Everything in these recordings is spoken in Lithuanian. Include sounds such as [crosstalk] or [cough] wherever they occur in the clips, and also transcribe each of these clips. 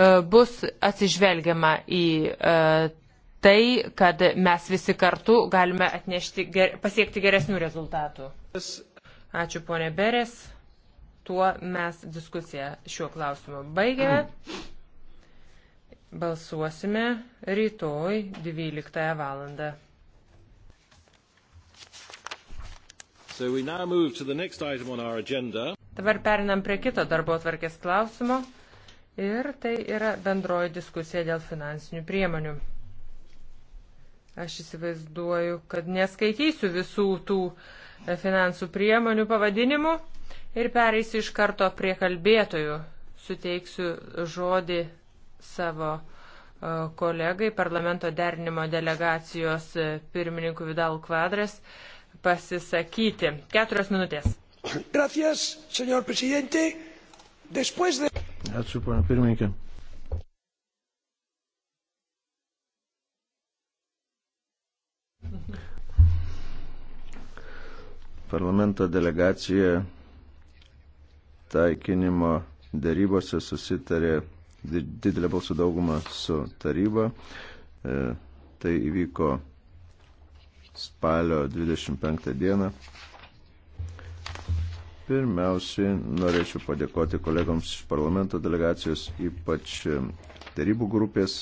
E, bus atsižvelgiama į e, tai, kad mes visi kartu galime atnešti, pasiekti geresnių rezultatų. Ačiū ponė Beres. Tuo mes diskusiją šiuo klausimu baigėme. Balsuosime rytoj 12 val. So Dabar perinam prie kito darbo atvarkės klausimo ir tai yra bendroji diskusija dėl finansinių priemonių. Aš įsivaizduoju, kad neskaitysiu visų tų e, finansų priemonių pavadinimų ir pereisiu iš karto prie kalbėtojų. Suteiksiu žodį savo e, kolegai, parlamento derinimo delegacijos e, pirmininkų Vidal Kvadras, pasisakyti. Keturios minutės. Gracias, señor presidente. Después de... Ačiū, pana pirmininkė. Parlamento delegacija taikinimo dėrybose susitarė didelę balsų daugumą su taryba. E, tai įvyko spalio 25 dieną. Pirmiausiai norėčiau padėkoti kolegoms iš parlamento delegacijos, ypač darybų e, grupės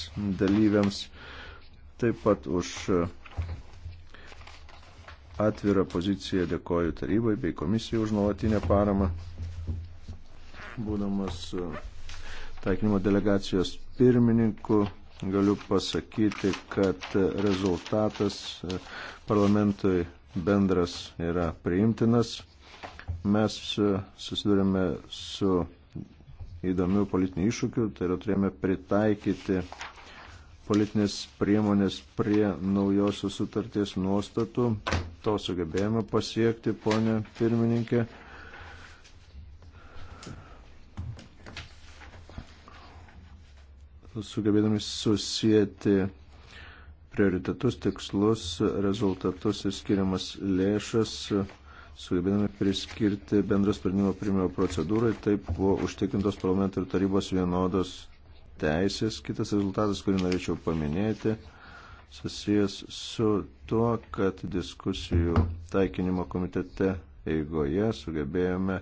dalyviams, taip pat už e, atvirą poziciją dėkoju tarybai bei komisijai už nuolatinę paramą. Būdamas e, taikinimo delegacijos pirmininku, galiu pasakyti, kad rezultatas parlamentui bendras yra priimtinas mes e, susidurėme su įdomių politinių iššūkių, tai yra turėjome pritaikyti politinės priemonės prie naujosios sutarties nuostatų. To sugebėjome pasiekti, ponė pirmininkė. Sugebėdami susijęti prioritetus, tikslus, rezultatus ir skiriamas lėšas sugebėjome priskirti bendros sprendimo primimo procedūrai, taip buvo užtikrintos parlamento ir tarybos vienodos teisės. Kitas rezultatas, kurį norėčiau paminėti, susijęs su tuo, kad diskusijų taikinimo komitete eigoje sugebėjome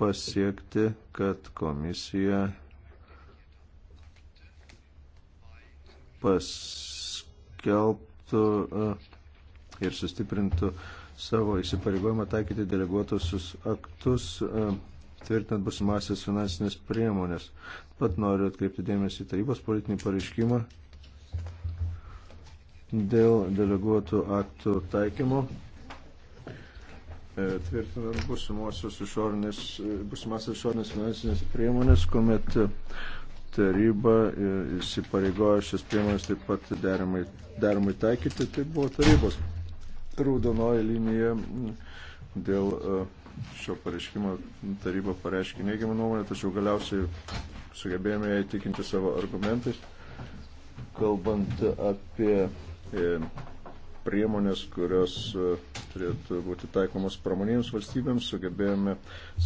pasiekti, kad komisija paskelbtų e, ir sustiprintų uh, savo įsipareigojimą taikyti deleguotusius aktus, e, tvirtinant busimasias finansinės priemonės. Pat noriu atkreipti dėmesį į tarybos politinį pareiškimą dėl deleguotų aktų taikymo, e, tvirtinant busimasias išorinės, e, išorinės finansinės priemonės, kuomet taryba įsipareigojo šias priemonės taip pat deramai, deramai taikyti, tai buvo tarybos raudonoji linija mm, dėl e, šio pareiškimo taryba pareiškė neigiamą nuomonę, tačiau galiausiai sugebėjome ją įtikinti savo argumentais, kalbant apie e, priemonės, kurios e, turėtų būti taikomos pramoninėms valstybėms, sugebėjome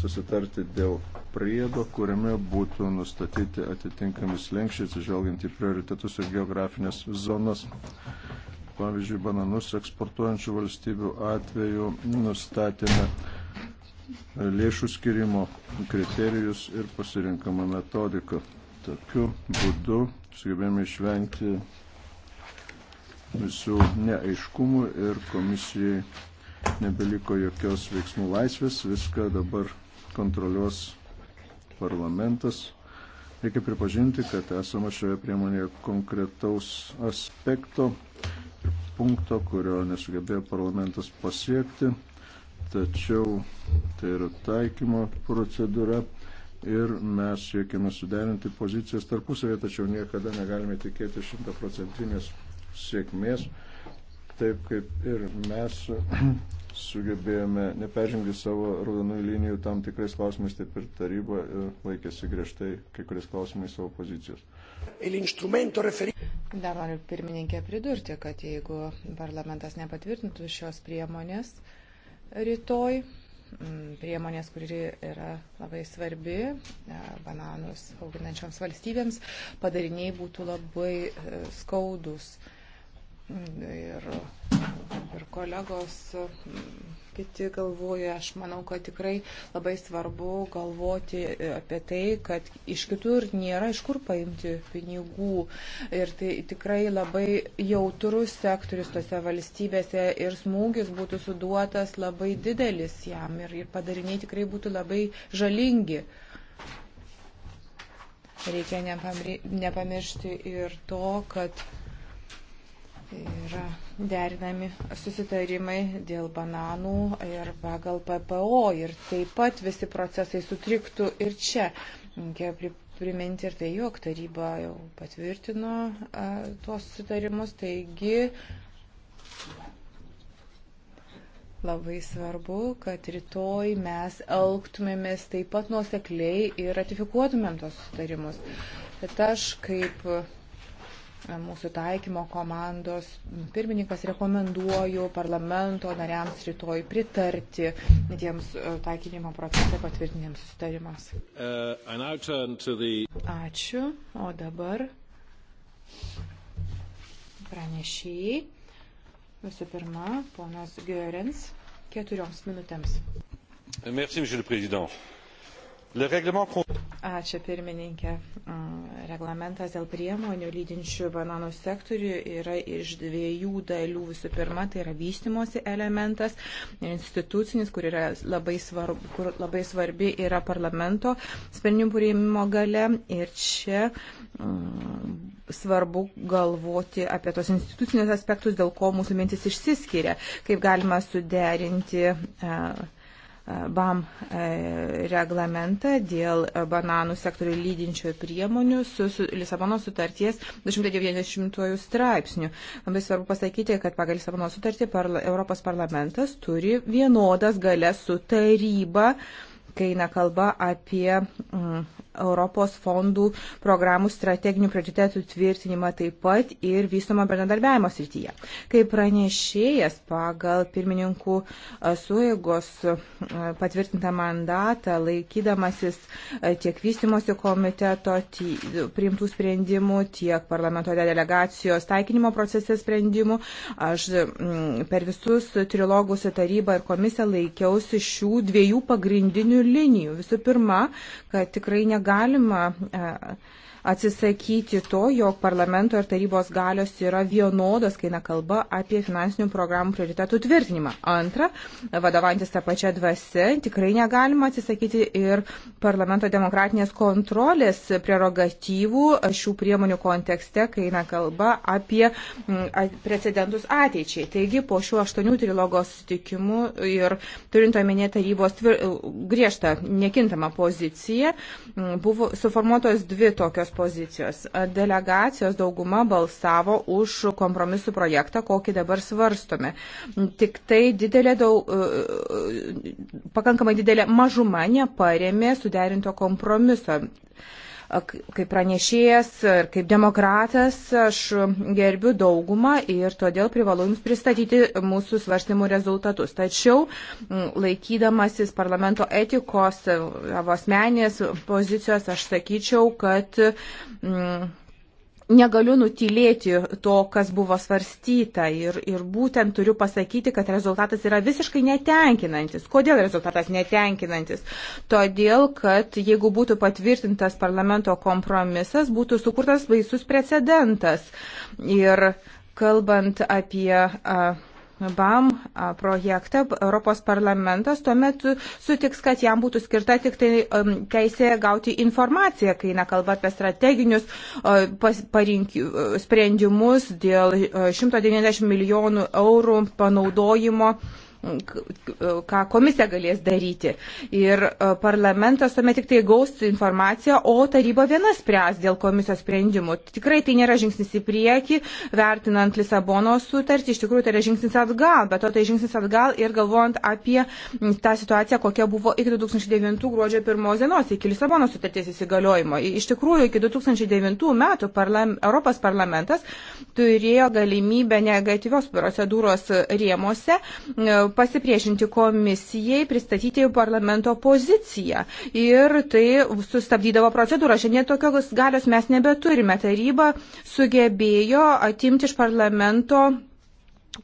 susitarti dėl priedo, kuriame būtų nustatyti atitinkami slengščiai, atsižvelgiant į prioritetus ir geografinės zonas. Pavyzdžiui, bananus eksportuojančių valstybių atveju nustatėme lėšų skirimo kriterijus ir pasirinkamą metodiką. Tokiu būdu sugebėjome išvengti visų neaiškumų ir komisijai nebeliko jokios veiksmų laisvės, viską dabar kontroliuos parlamentas. Reikia pripažinti, kad esama šioje priemonėje konkretaus aspekto punkto, kurio nesugebėjo parlamentas pasiekti, tačiau tai yra taikymo procedūra ir mes siekime suderinti pozicijas tarpusavėje, tačiau niekada negalime tikėti šimtaprocentinės sėkmės, taip kaip ir mes [clears throat] sugebėjome neperžengti savo raudonųjų linijų tam tikrais klausimais, taip ir taryba e, laikėsi griežtai kai kuriais klausimais savo pozicijos. Dar noriu pirmininkė pridurti, kad jeigu parlamentas nepatvirtintų šios priemonės rytoj, priemonės, kuri yra labai svarbi e, bananus auginančioms valstybėms, padariniai būtų labai e, skaudus. Ir, ir kolegos kiti galvoja. Aš manau, kad tikrai labai svarbu galvoti apie tai, kad iš kitur nėra iš kur paimti pinigų. Ir tai tikrai labai jautrus sektorius tose valstybėse ir smūgis būtų suduotas labai didelis jam ir, ir padariniai tikrai būtų labai žalingi. Reikia nepamiršti ir to, kad yra derinami susitarimai dėl bananų ir pagal PPO ir taip pat visi procesai sutriktų ir čia. Reikia priminti ir tai, jog taryba jau patvirtino a, tuos susitarimus, taigi labai svarbu, kad rytoj mes elgtumėmės taip pat nuosekliai ir ratifikuotumėm tuos susitarimus. Bet aš kaip mūsų taikymo komandos pirmininkas rekomenduoju parlamento nariams rytoj pritarti tiems e, taikinimo procese patvirtinėms sustarimams. Uh, the... Ačiū. O dabar pranešėjai. Visų pirma, ponas Görens, keturioms minutėms. Merci, Ačiū pirmininkė. Mm, reglamentas dėl priemonių lydinčių bananų sektorių yra iš dviejų dalių. Visų pirma, tai yra vystimosi elementas, institucinis, kur, yra labai svarb, kur labai svarbi yra parlamento sprendimų prieimimo gale. Ir čia mm, svarbu galvoti apie tos institucinės aspektus, dėl ko mūsų mintis išsiskiria, kaip galima suderinti. Uh, BAM e, reglamentą dėl bananų sektorių lydinčiojo priemonių su, su Lisabonos sutarties 290 straipsnių. Labai svarbu pasakyti, kad pagal Lisabonos sutartį parla, Europos parlamentas turi vienodas galės su taryba uh, kai eina kalba apie mm, Europos fondų programų strateginių prioritetų tvirtinimą taip pat ir vystomą bendradarbiavimo srityje. Kaip pranešėjas pagal pirmininkų suėgos patvirtintą mandatą, laikydamasis tiek vystimosi komiteto priimtų sprendimų, tiek parlamento delegacijos taikinimo procese sprendimų, aš per visus trilogus į tarybą ir komisiją laikiausi šių dviejų pagrindinių linijų. Visų pirma, kad tikrai negalima. Uh, atsisakyti to, jog parlamento ir tarybos galios yra vienodos, kai nekalba apie finansinių programų prioritetų tvirtinimą. Antra, vadovantis tą pačią dvasę, tikrai negalima atsisakyti ir parlamento demokratinės kontrolės prerogatyvų šių priemonių kontekste, kai nekalba apie mm, precedentus ateičiai. Taigi, po šių aštuonių trilogos sutikimų ir turint omenyje tarybos tvir... E, griežtą nekintamą poziciją, mm, buvo suformuotos dvi tokios komisijos pozicijos. Delegacijos dauguma balsavo už kompromisų projektą, kokį dabar svarstome. Tik tai didelė, daug, e, e, pakankamai didelė mažuma neparėmė suderinto kompromiso kaip pranešėjas ir kaip demokratas aš gerbiu daugumą ir todėl privalau Jums pristatyti mūsų svarstymų rezultatus. Tačiau laikydamasis parlamento etikos savo asmenės pozicijos, aš sakyčiau, kad. Mm, negaliu nutilėti to, kas buvo svarstyta ir, ir būtent turiu pasakyti, kad rezultatas yra visiškai netenkinantis. Kodėl rezultatas netenkinantis? Todėl, kad jeigu būtų patvirtintas parlamento kompromisas, būtų sukurtas baisus precedentas. Ir kalbant apie. Uh, BAM projektą, Europos parlamentas tuomet sutiks, kad jam būtų skirta tik tai um, teisė gauti informaciją, kai eina kalba apie strateginius parink, sprendimus dėl 190 milijonų eurų panaudojimo ką komisija galės daryti. Ir e, parlamentas tuomet tik tai gaus informaciją, o taryba viena spręs dėl komisijos sprendimų. Tikrai tai nėra žingsnis į priekį, vertinant Lisabono sutartį, iš tikrųjų tai yra žingsnis atgal, bet to tai žingsnis atgal ir galvojant apie tą situaciją, kokia buvo iki 2009 gruodžio 1 dienos, iki Lisabono sutarties įsigaliojimo. Iš tikrųjų, iki 2009 metų parlam, Europos parlamentas turėjo galimybę negatyvios procedūros rėmose pasipriešinti komisijai, pristatyti parlamento poziciją. Ir tai sustabdydavo procedūrą. Šiandien tokios galios mes nebeturime. Taryba sugebėjo atimti iš parlamento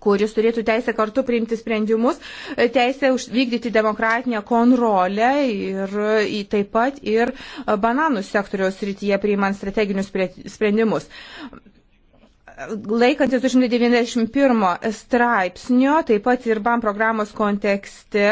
kuris turėtų teisę kartu priimti sprendimus, teisę vykdyti demokratinę kontrolę ir taip pat ir bananų sektoriaus rytyje priimant strateginius sprendimus laikantis 291 straipsnio, taip pat ir BAM programos kontekste,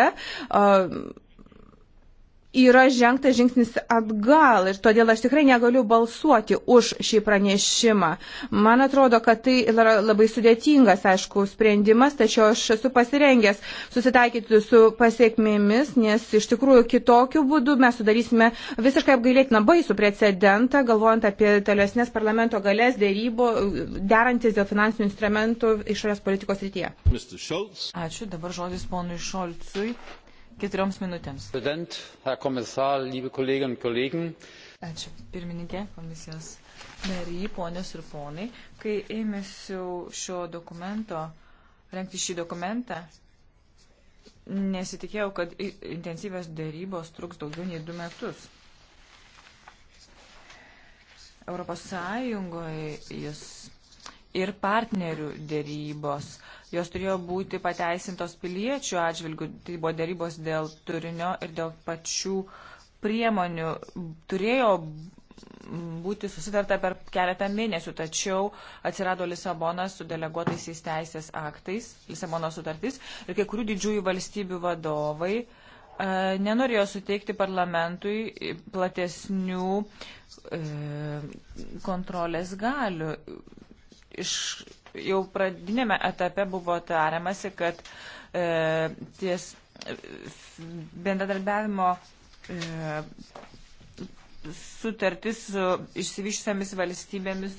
yra žengtas žingsnis atgal ir todėl aš tikrai negaliu balsuoti už šį pranešimą. Man atrodo, kad tai yra labai sudėtingas, aišku, sprendimas, tačiau aš esu pasirengęs susitaikyti su pasiekmėmis, nes iš tikrųjų kitokiu būdu mes sudarysime visiškai apgailėtiną baisų precedentą, galvojant apie tolesnės parlamento galės dėrybo, derantis dėl finansinių instrumentų išorės politikos rytyje. Ačiū, dabar žodis ponui Šolcui keturioms minutėms. Ačiū pirmininkė, komisijos nariai, ponios ir ponai. Kai ėmėsiu šio dokumento, renkti šį dokumentą, nesitikėjau, kad intensyvės dėrybos truks daugiau nei du metus. Europos Sąjungoje jis ir partnerių dėrybos. Jos turėjo būti pateisintos piliečių atžvilgių, tai buvo dėrybos dėl turinio ir dėl pačių priemonių. Turėjo būti susitarta per keletą mėnesių, tačiau atsirado Lisabonas su deleguotaisiais teisės aktais, Lisabono sutartis ir kai kurių didžiųjų valstybių vadovai e, nenorėjo suteikti parlamentui platesnių e, kontrolės galių iš, jau pradinėme etape buvo tariamasi, kad e, ties bendradarbiavimo e, sutartis su išsivyščiusiamis valstybėmis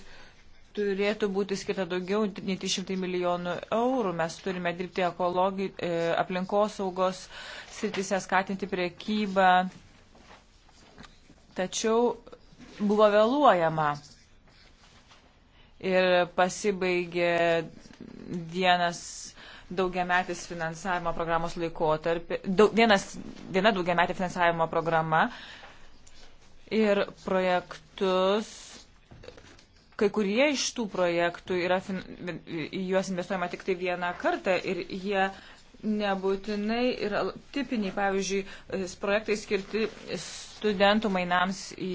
turėtų būti skirta daugiau nei 300 milijonų eurų. Mes turime dirbti ekologi, e, aplinkosaugos sritise, skatinti priekybą. Tačiau buvo vėluojama ir pasibaigė vienas daugiametis finansavimo programos laikotarpį, daug, vienas, viena daugiametė finansavimo programa ir projektus, kai kurie iš tų projektų yra, fin, į juos investuojama tik tai vieną kartą ir jie nebūtinai yra tipiniai, pavyzdžiui, projektai skirti studentų mainams į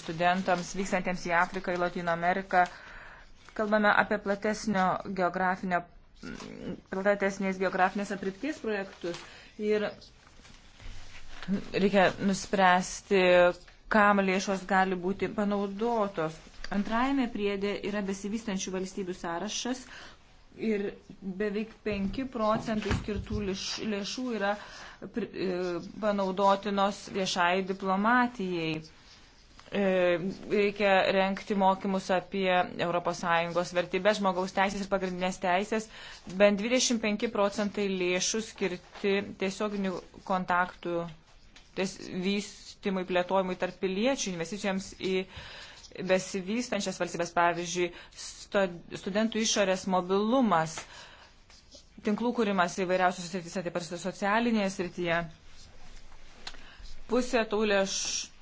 studentams vykstantiems į Afriką, į Latino Ameriką. Uh, kalbame apie platesnio geografinio, platesnės geografinės apripties projektus ir reikia nuspręsti, kam lėšos gali būti panaudotos. Antrajame priedė yra besivystančių valstybių sąrašas ir beveik 5 procentai skirtų lėšų yra e, panaudotinos viešai diplomatijai. E, reikia renkti mokymus apie ES vertybės, žmogaus teisės ir pagrindinės teisės. Bent 25 procentai lėšų skirti tiesioginių kontaktų ties, vystymui, plėtojimui tarp piliečių, investicijoms į besivystančias valstybės, pavyzdžiui, studentų išorės mobilumas, tinklų kūrimas įvairiausios srityse, taip pat socialinėje srityje. Pusė tų lėšų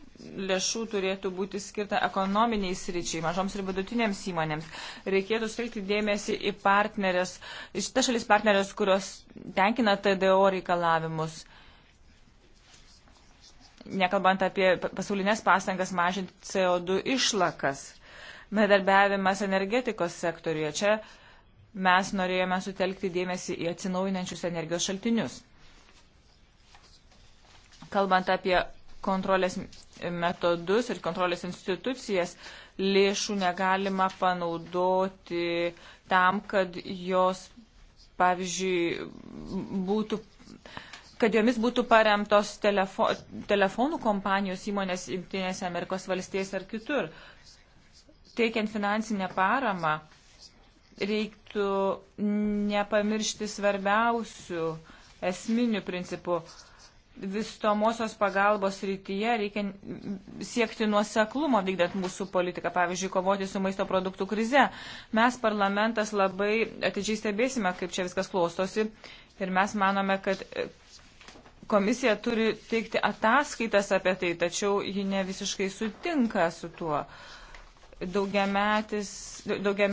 lėšų turėtų būti skirta ekonominiai sričiai, mažoms ir vidutinėms įmonėms. Reikėtų skirti dėmesį į partnerės, iš ta šalis partnerės, kurios tenkina TDO reikalavimus. Nekalbant apie pasaulinės pastangas mažinti CO2 išlakas. Medarbiavimas energetikos sektoriuje. Čia mes norėjome sutelkti dėmesį į atsinaujinančius energijos šaltinius. Kalbant apie kontrolės metodus ir kontrolės institucijas, lėšų negalima panaudoti tam, kad jos, pavyzdžiui, būtų kad jomis būtų paremtos telefo, telefonų kompanijos įmonės Junktinėse Amerikos valstijose ar kitur. Teikiant finansinę paramą, reiktų nepamiršti svarbiausių esminių principų vistomosios pagalbos rytyje reikia siekti nuoseklumo vykdant mūsų politiką, pavyzdžiui, kovoti su maisto produktų krize. Mes, parlamentas, labai atidžiai stebėsime, kaip čia viskas klostosi ir mes manome, kad komisija turi teikti ataskaitas apie tai, tačiau ji ne visiškai sutinka su tuo. Daugiametė daugia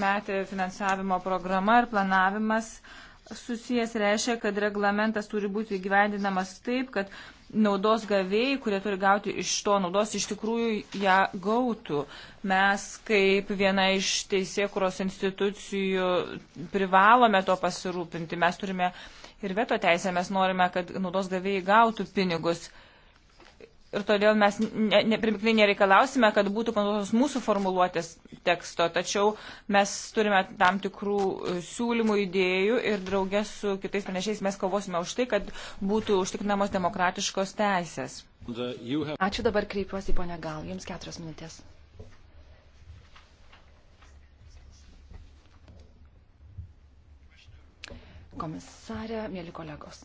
finansavimo programa ir planavimas uh, susijęs reiškia, kad reglamentas turi būti gyvendinamas taip, kad naudos gavėjai, kurie turi gauti iš to naudos, iš tikrųjų ją gautų. Mes kaip viena iš teisėkuros institucijų privalome to pasirūpinti. Mes turime ir veto teisę, mes norime, kad naudos gavėjai gautų pinigus. Ir todėl mes ne, ne, nereikalausime, kad būtų panaudotos mūsų formuluotės teksto, tačiau mes turime tam tikrų e, siūlymų, idėjų ir draugės su kitais pranešiais mes kovosime už tai, kad būtų užtikrinamos demokratiškos teisės. Ačiū dabar kreipiuosi, ponia Gal, jums keturios minutės. Komisarė, mėly kolegos.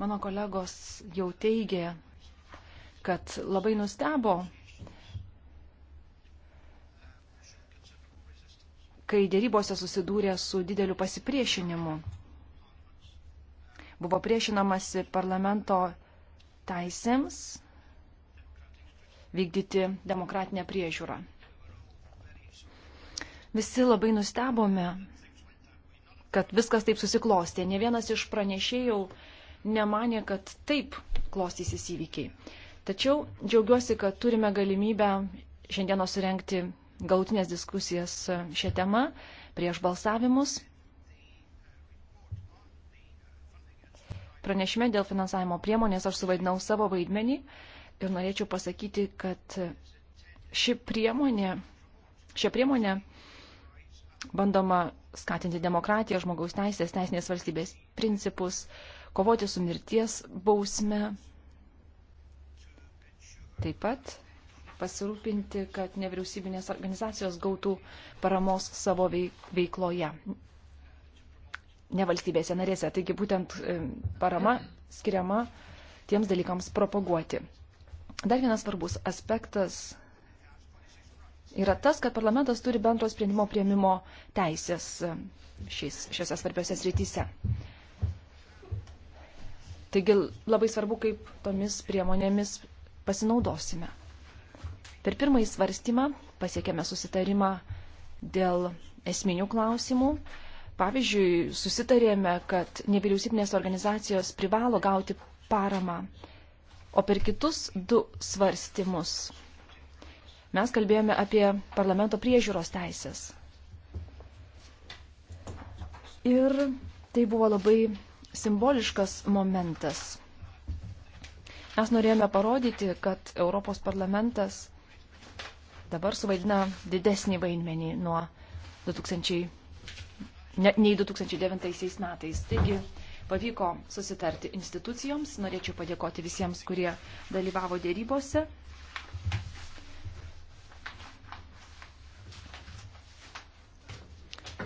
Mano kolegos jau teigė, kad labai nustebo, kai dėrybose susidūrė su dideliu pasipriešinimu. Buvo priešinamasi parlamento teisėms vykdyti demokratinę priežiūrą. Visi labai nustebome, kad viskas taip susiklostė. Ne vienas iš pranešėjų nemanė, kad taip klostysis įvykiai. Tačiau džiaugiuosi, kad turime galimybę šiandieną surenkti gautinės diskusijas šią temą prieš balsavimus. Pranešime dėl finansavimo priemonės aš suvaidinau savo vaidmenį ir norėčiau pasakyti, kad ši priemonė, šią priemonę bandoma skatinti demokratiją, žmogaus teisės, teisinės valstybės principus, uh, kovoti su mirties bausme, taip pat pasirūpinti, kad nevyriausybinės organizacijos gautų paramos savo veikloje, ne valstybėse narėse. Taigi būtent e, parama skiriama tiems dalykams propaguoti. Dar vienas svarbus aspektas yra tas, kad parlamentas turi bendro sprendimo prieimimo teisės e, šiais, šiose svarbiose srityse. Taigi labai svarbu, kaip tomis priemonėmis pasinaudosime. Per pirmąjį svarstymą pasiekėme susitarimą dėl esminių klausimų. Pavyzdžiui, susitarėme, kad nevyriausybinės organizacijos privalo gauti paramą, o per kitus du svarstymus mes kalbėjome apie parlamento priežiūros teisės. Ir tai buvo labai simboliškas momentas. Mes norėjome parodyti, kad Europos parlamentas dabar suvaidina didesnį vaidmenį nuo 2000, ne, nei 2009 metais. Taigi pavyko susitarti institucijoms. Norėčiau padėkoti visiems, kurie dalyvavo dėrybose.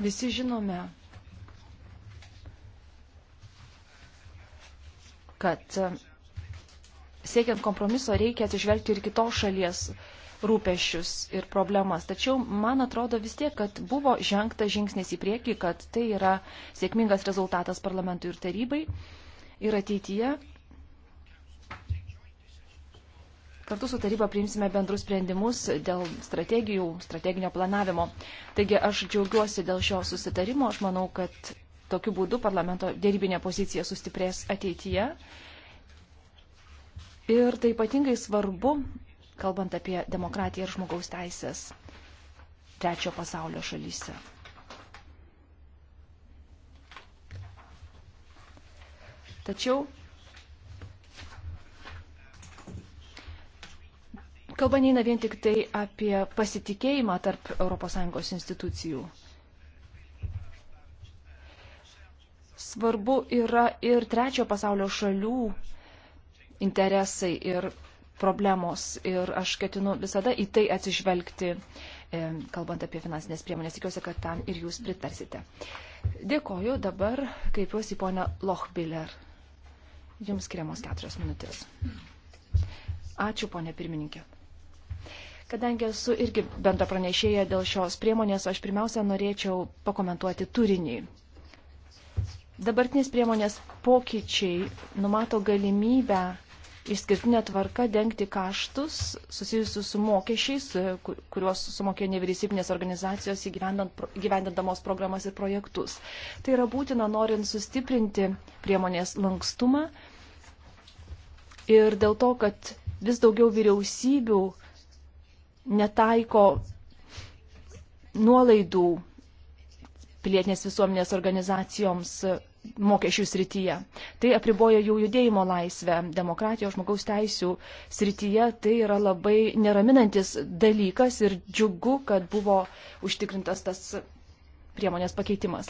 Visi žinome, kad siekiant kompromiso reikia atsižvelgti ir kitos šalies rūpešius ir problemas. Tačiau man atrodo vis tiek, kad buvo žengta žingsnis į priekį, kad tai yra sėkmingas rezultatas parlamentui ir tarybai. Ir ateityje kartu su taryba priimsime bendrus sprendimus dėl strategijų, strateginio planavimo. Taigi aš džiaugiuosi dėl šio susitarimo. Aš manau, kad tokiu būdu parlamento dėrybinė pozicija sustiprės ateityje. Ir tai ypatingai svarbu, kalbant apie demokratiją ir žmogaus teisės trečio pasaulio šalyse. Tačiau kalba neina vien tik tai apie pasitikėjimą tarp ES institucijų. svarbu yra ir trečiojo pasaulio šalių interesai ir problemos ir aš ketinu visada į tai atsižvelgti, e, kalbant apie finansinės priemonės. Tikiuosi, kad tam ir jūs pritarsite. Dėkoju, dabar kreipiuosi į ponę Lochbiller. Jums skiriamos keturios minutės. Ačiū, ponė pirmininkė. Kadangi esu irgi bendra pranešėja dėl šios priemonės, aš pirmiausia norėčiau pakomentuoti turinį. Dabartinės priemonės pokyčiai numato galimybę išskirtinę tvarką dengti kaštus susijusius su mokesčiais, kuriuos sumokėjo nevyriausybinės organizacijos įgyvendindamos programas ir projektus. Tai yra būtina norint sustiprinti priemonės lankstumą ir dėl to, kad vis daugiau vyriausybių netaiko nuolaidų pilietinės visuomenės organizacijoms e, mokesčių srityje. Tai apriboja jų judėjimo laisvę, demokratijos, žmogaus teisų srityje. Tai yra labai neraminantis dalykas ir džiugu, kad buvo užtikrintas tas priemonės pakeitimas.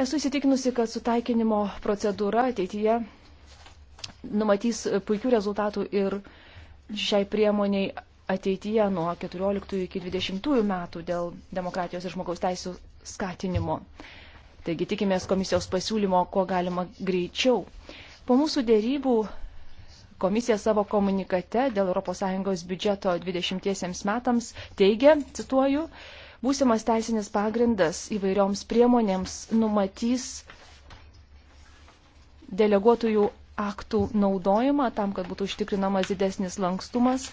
Esu įsitikinusi, kad sutaikinimo procedūra ateityje numatys puikių rezultatų ir šiai priemoniai ateityje nuo 14 iki 20 metų dėl demokratijos ir žmogaus teisų skatinimu. Taigi tikimės komisijos pasiūlymo, kuo galima greičiau. Po mūsų dėrybų komisija savo komunikate dėl ES biudžeto 20 metams teigia, cituoju, būsimas teisinis pagrindas įvairioms priemonėms numatys deleguotųjų aktų naudojimą tam, kad būtų užtikrinamas didesnis lankstumas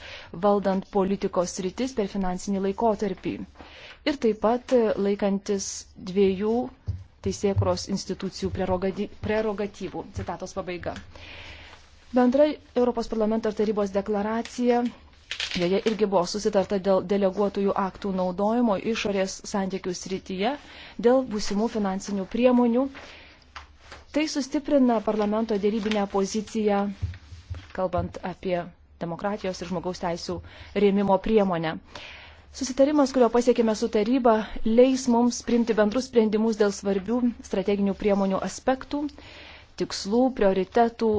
valdant politikos rytis per finansinį laikotarpį. Ir taip pat laikantis dviejų teisėkros institucijų prerogatyvų. Citatos pabaiga. Bendrai Europos parlamento ir tarybos deklaracija Joje irgi buvo susitarta dėl deleguotųjų aktų naudojimo išorės santykių srityje, dėl būsimų finansinių priemonių Tai sustiprina parlamento dėrybinę poziciją, kalbant apie demokratijos ir žmogaus teisų rėmimo priemonę. Susitarimas, kurio pasiekėme su taryba, leis mums priimti bendrus sprendimus dėl svarbių strateginių priemonių aspektų, tikslų, prioritetų,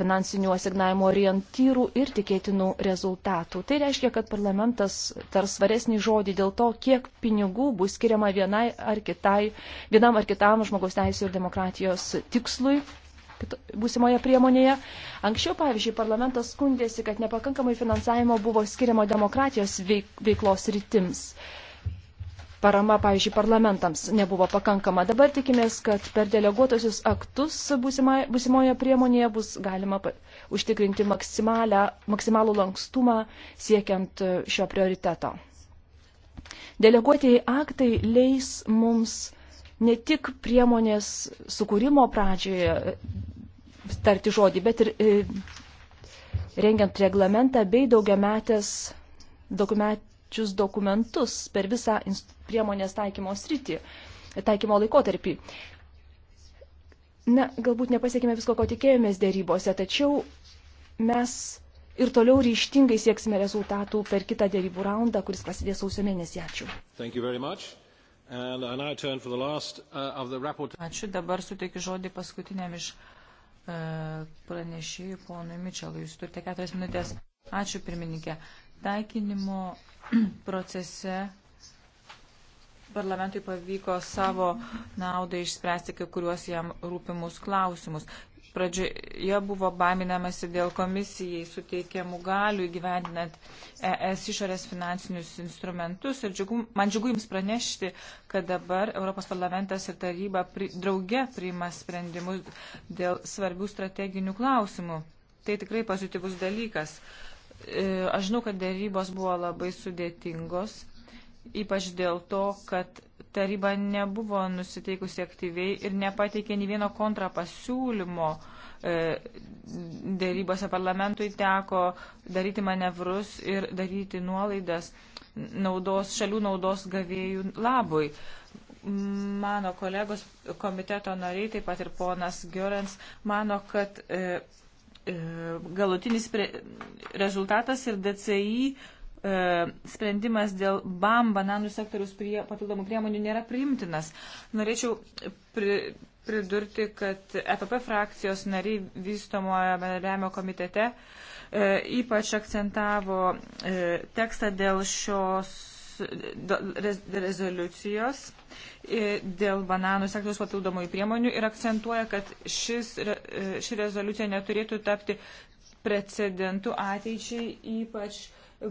finansinių asignavimo orientyrų ir tikėtinų rezultatų. Tai reiškia, kad parlamentas tar svaresnį žodį dėl to, kiek pinigų bus skiriama vienai ar kitai, vienam ar kitam žmogaus teisų ir demokratijos tikslui būsimoje priemonėje. Anksčiau, pavyzdžiui, parlamentas skundėsi, kad nepakankamai finansavimo buvo skiriama demokratijos veiklos rytims parama, pavyzdžiui, parlamentams nebuvo pakankama. Dabar tikimės, kad per deleguotosius aktus būsima, būsimoje priemonėje bus galima užtikrinti maksimalų lankstumą siekiant šio prioriteto. Deleguotieji aktai leis mums ne tik priemonės sukūrimo pradžioje e, tarti žodį, bet ir e, rengiant reglamentą bei daugiametės, dokument, pačius dokumentus per visą priemonės taikymo sritį, taikymo laikotarpį. Na, galbūt nepasiekime visko, ko tikėjomės dėrybose, tačiau mes ir toliau ryštingai sieksime rezultatų per kitą dėrybų raundą, kuris prasidės sausio mėnesį. Ačiū. Last, uh, Ačiū. Dabar suteikiu žodį paskutiniam iš uh, pranešėjų ponui Mičelui. Jūs turite keturias minutės. Ačiū, pirmininkė. Taikinimo [clears throat] procese parlamentui pavyko savo naudai išspręsti kai kuriuos jam rūpimus klausimus. Pradžioje buvo baiminamasi dėl komisijai suteikiamų galių įgyvendinant ES išorės finansinius instrumentus. Ir džiugu, man džiugu Jums pranešti, kad dabar Europos parlamentas ir taryba pri, drauge priima sprendimus dėl svarbių strateginių klausimų. Tai tikrai pozityvus dalykas. Uh, E, aš žinau, kad dėrybos buvo labai sudėtingos, ypač dėl to, kad taryba nebuvo nusiteikusi aktyviai ir nepateikė nei vieno kontrapasiūlymo. E, dėrybose parlamentui teko daryti manevrus ir daryti nuolaidas naudos, šalių naudos gavėjų labui. Mano kolegos komiteto nariai, taip pat ir ponas Giorens, mano, kad e, E, galutinis rezultatas ir DCI e, sprendimas dėl BAM bananų sektoriaus prie, papildomų priemonių nėra priimtinas. Norėčiau pri, pridurti, kad EPP frakcijos nariai vystomojo bendradarbiavimo komitete e, ypač akcentavo e, tekstą dėl šios rezoliucijos e, dėl bananų sektoriaus papildomųjų priemonių ir akcentuoja, kad šis, e, ši rezoliucija neturėtų tapti precedentų ateičiai, ypač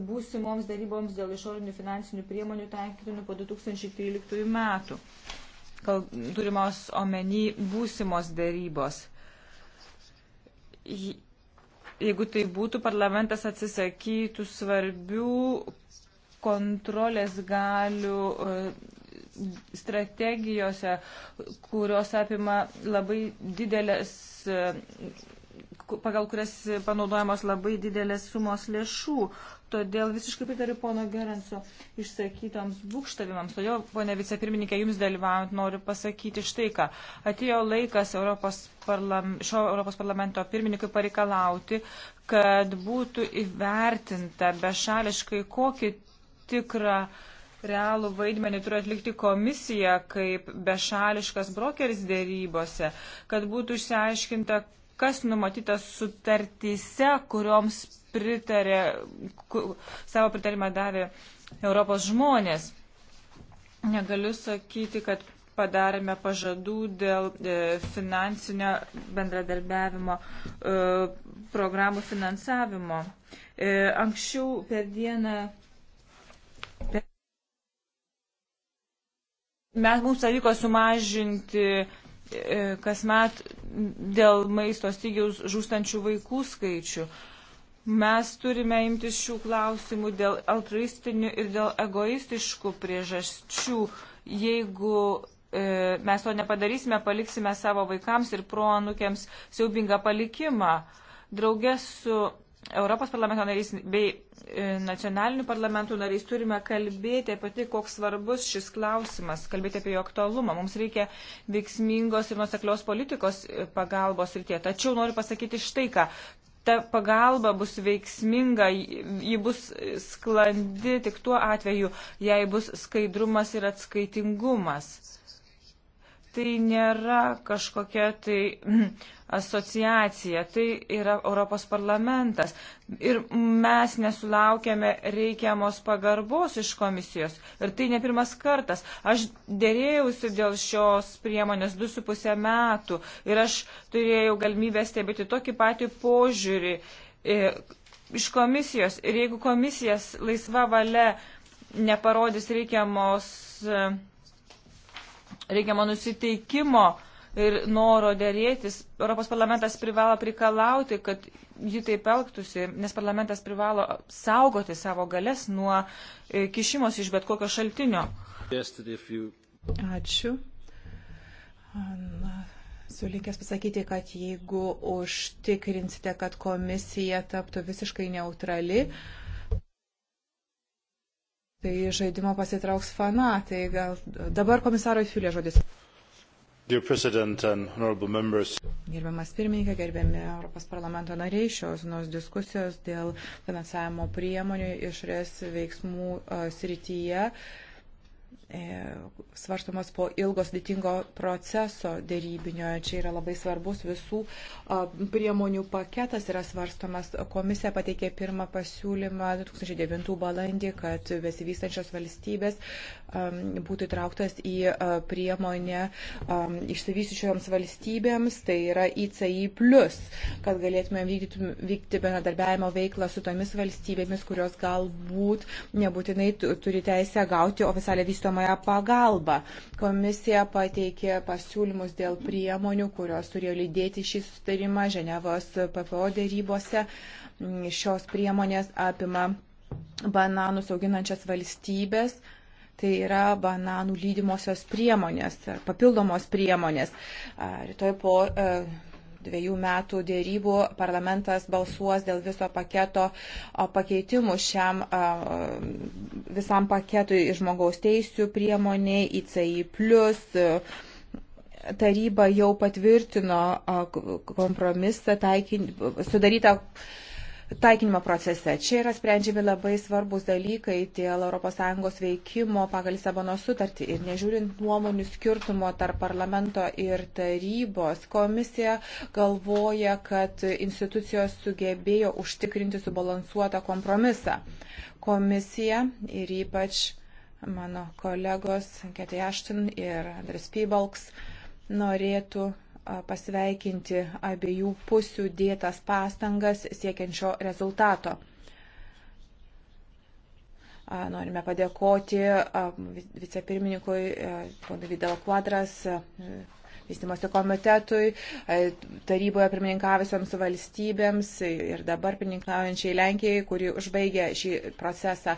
būsimoms daryboms dėl išorinių finansinių priemonių taikytinų po 2013 metų. Kal, turimos omeny būsimos darybos. Jeigu tai būtų, parlamentas atsisakytų svarbių kontrolės galių e, strategijose, kurios apima labai didelės, e, pagal kurias panaudojamos labai didelės sumos lėšų. Todėl visiškai pritariu pono Gerenso išsakytoms būkštavimams. Todėl, ponė vicepirmininkė, jums dalyvaujant noriu pasakyti štai ką. Atėjo laikas Europos parlam, šio Europos parlamento pirmininkui pareikalauti, kad būtų įvertinta bešališkai, kokį tikrą realų vaidmenį turi atlikti komisija kaip bešališkas brokeris dėrybose, kad būtų išsiaiškinta, kas numatyta sutartyse, kurioms pritarė, ku, savo pritarimą davė Europos žmonės. Negaliu sakyti, kad padarėme pažadų dėl e, finansinio bendradarbiavimo e, programų finansavimo. E, anksčiau per dieną Mes mums pavyko sumažinti e, kasmet dėl maisto stygiaus žūstančių vaikų skaičių. Mes turime imtis šių klausimų dėl altruistinių ir dėl egoistiškų priežasčių. Jeigu e, mes to nepadarysime, paliksime savo vaikams ir proanukiams siaubingą palikimą. Draugės su Europos parlamento narys bei e, nacionalinių parlamentų narys turime kalbėti apie tai, koks svarbus šis klausimas, kalbėti apie jo aktualumą. Mums reikia veiksmingos ir nuseklios politikos e, pagalbos rytie. Tačiau noriu pasakyti štai ką. Ta pagalba bus veiksminga, ji bus sklandi tik tuo atveju, jei bus skaidrumas ir atskaitingumas tai nėra kažkokia tai [clears throat] asociacija, tai yra Europos parlamentas. Ir mes nesulaukėme reikiamos pagarbos iš komisijos. Ir tai ne pirmas kartas. Aš dėrėjausi dėl šios priemonės du su pusę metų ir aš turėjau galimybę stebėti tokį patį požiūrį e, iš komisijos. Ir jeigu komisijas laisva valia neparodys reikiamos e, reikiamo nusiteikimo ir noro dėrėtis. Europos parlamentas privalo prikalauti, kad ji taip elgtųsi, nes parlamentas privalo saugoti savo galės nuo e, kišimos iš bet kokio šaltinio. Ačiū. Na, sulinkęs pasakyti, kad jeigu užtikrinsite, kad komisija taptų visiškai neutrali, uh, Tai žaidimo pasitrauks fanatai. Gal dabar komisaro Fiulė žodis. Gerbiamas pirmininkė, gerbiami Europos parlamento nariai, šios nors diskusijos dėl finansavimo priemonių išrės veiksmų e, srityje. Uh, E, svarstomas po ilgo sudėtingo proceso dėrybinio. Čia yra labai svarbus visų priemonių paketas yra svarstomas. Komisija pateikė pirmą pasiūlymą 2009 balandį, kad besivystančios valstybės būtų įtrauktas į priemonę išsivystyčioms valstybėms, tai yra ICI, kad galėtume vykdyti, vykdyti bendradarbiavimo veiklą su tomis valstybėmis, kurios galbūt nebūtinai turi teisę gauti oficialią vystomą teikiamąją pagalbą. Komisija pateikė pasiūlymus dėl priemonių, kurios turėjo lydėti šį sustarimą Ženevos PPO dėrybose. Šios priemonės apima bananus auginančias valstybės, tai yra bananų lydimosios priemonės, papildomos priemonės. Rytoj po e, dviejų metų dėrybų parlamentas balsuos dėl viso paketo pakeitimų šiam visam paketui žmogaus teisų priemoniai, ICI. Taryba jau patvirtino kompromisą taikin, sudarytą taikinimo procese. Čia yra sprendžiami labai svarbus dalykai dėl ES veikimo pagal Lisabono sutartį. Ir nežiūrint nuomonių skirtumo tarp parlamento ir tarybos, komisija galvoja, kad institucijos sugebėjo užtikrinti subalansuotą kompromisą. Komisija ir ypač mano kolegos Ketė Ashton ir Andris Pybalks norėtų pasveikinti abiejų pusių dėtas pastangas siekiančio rezultato. Norime padėkoti vicepirmininkui Vidal Quadras, vystimosi komitetui, e, taryboje pirmininkavusioms valstybėms ir dabar pirmininkaujančiai Lenkijai, kuri užbaigė šį procesą.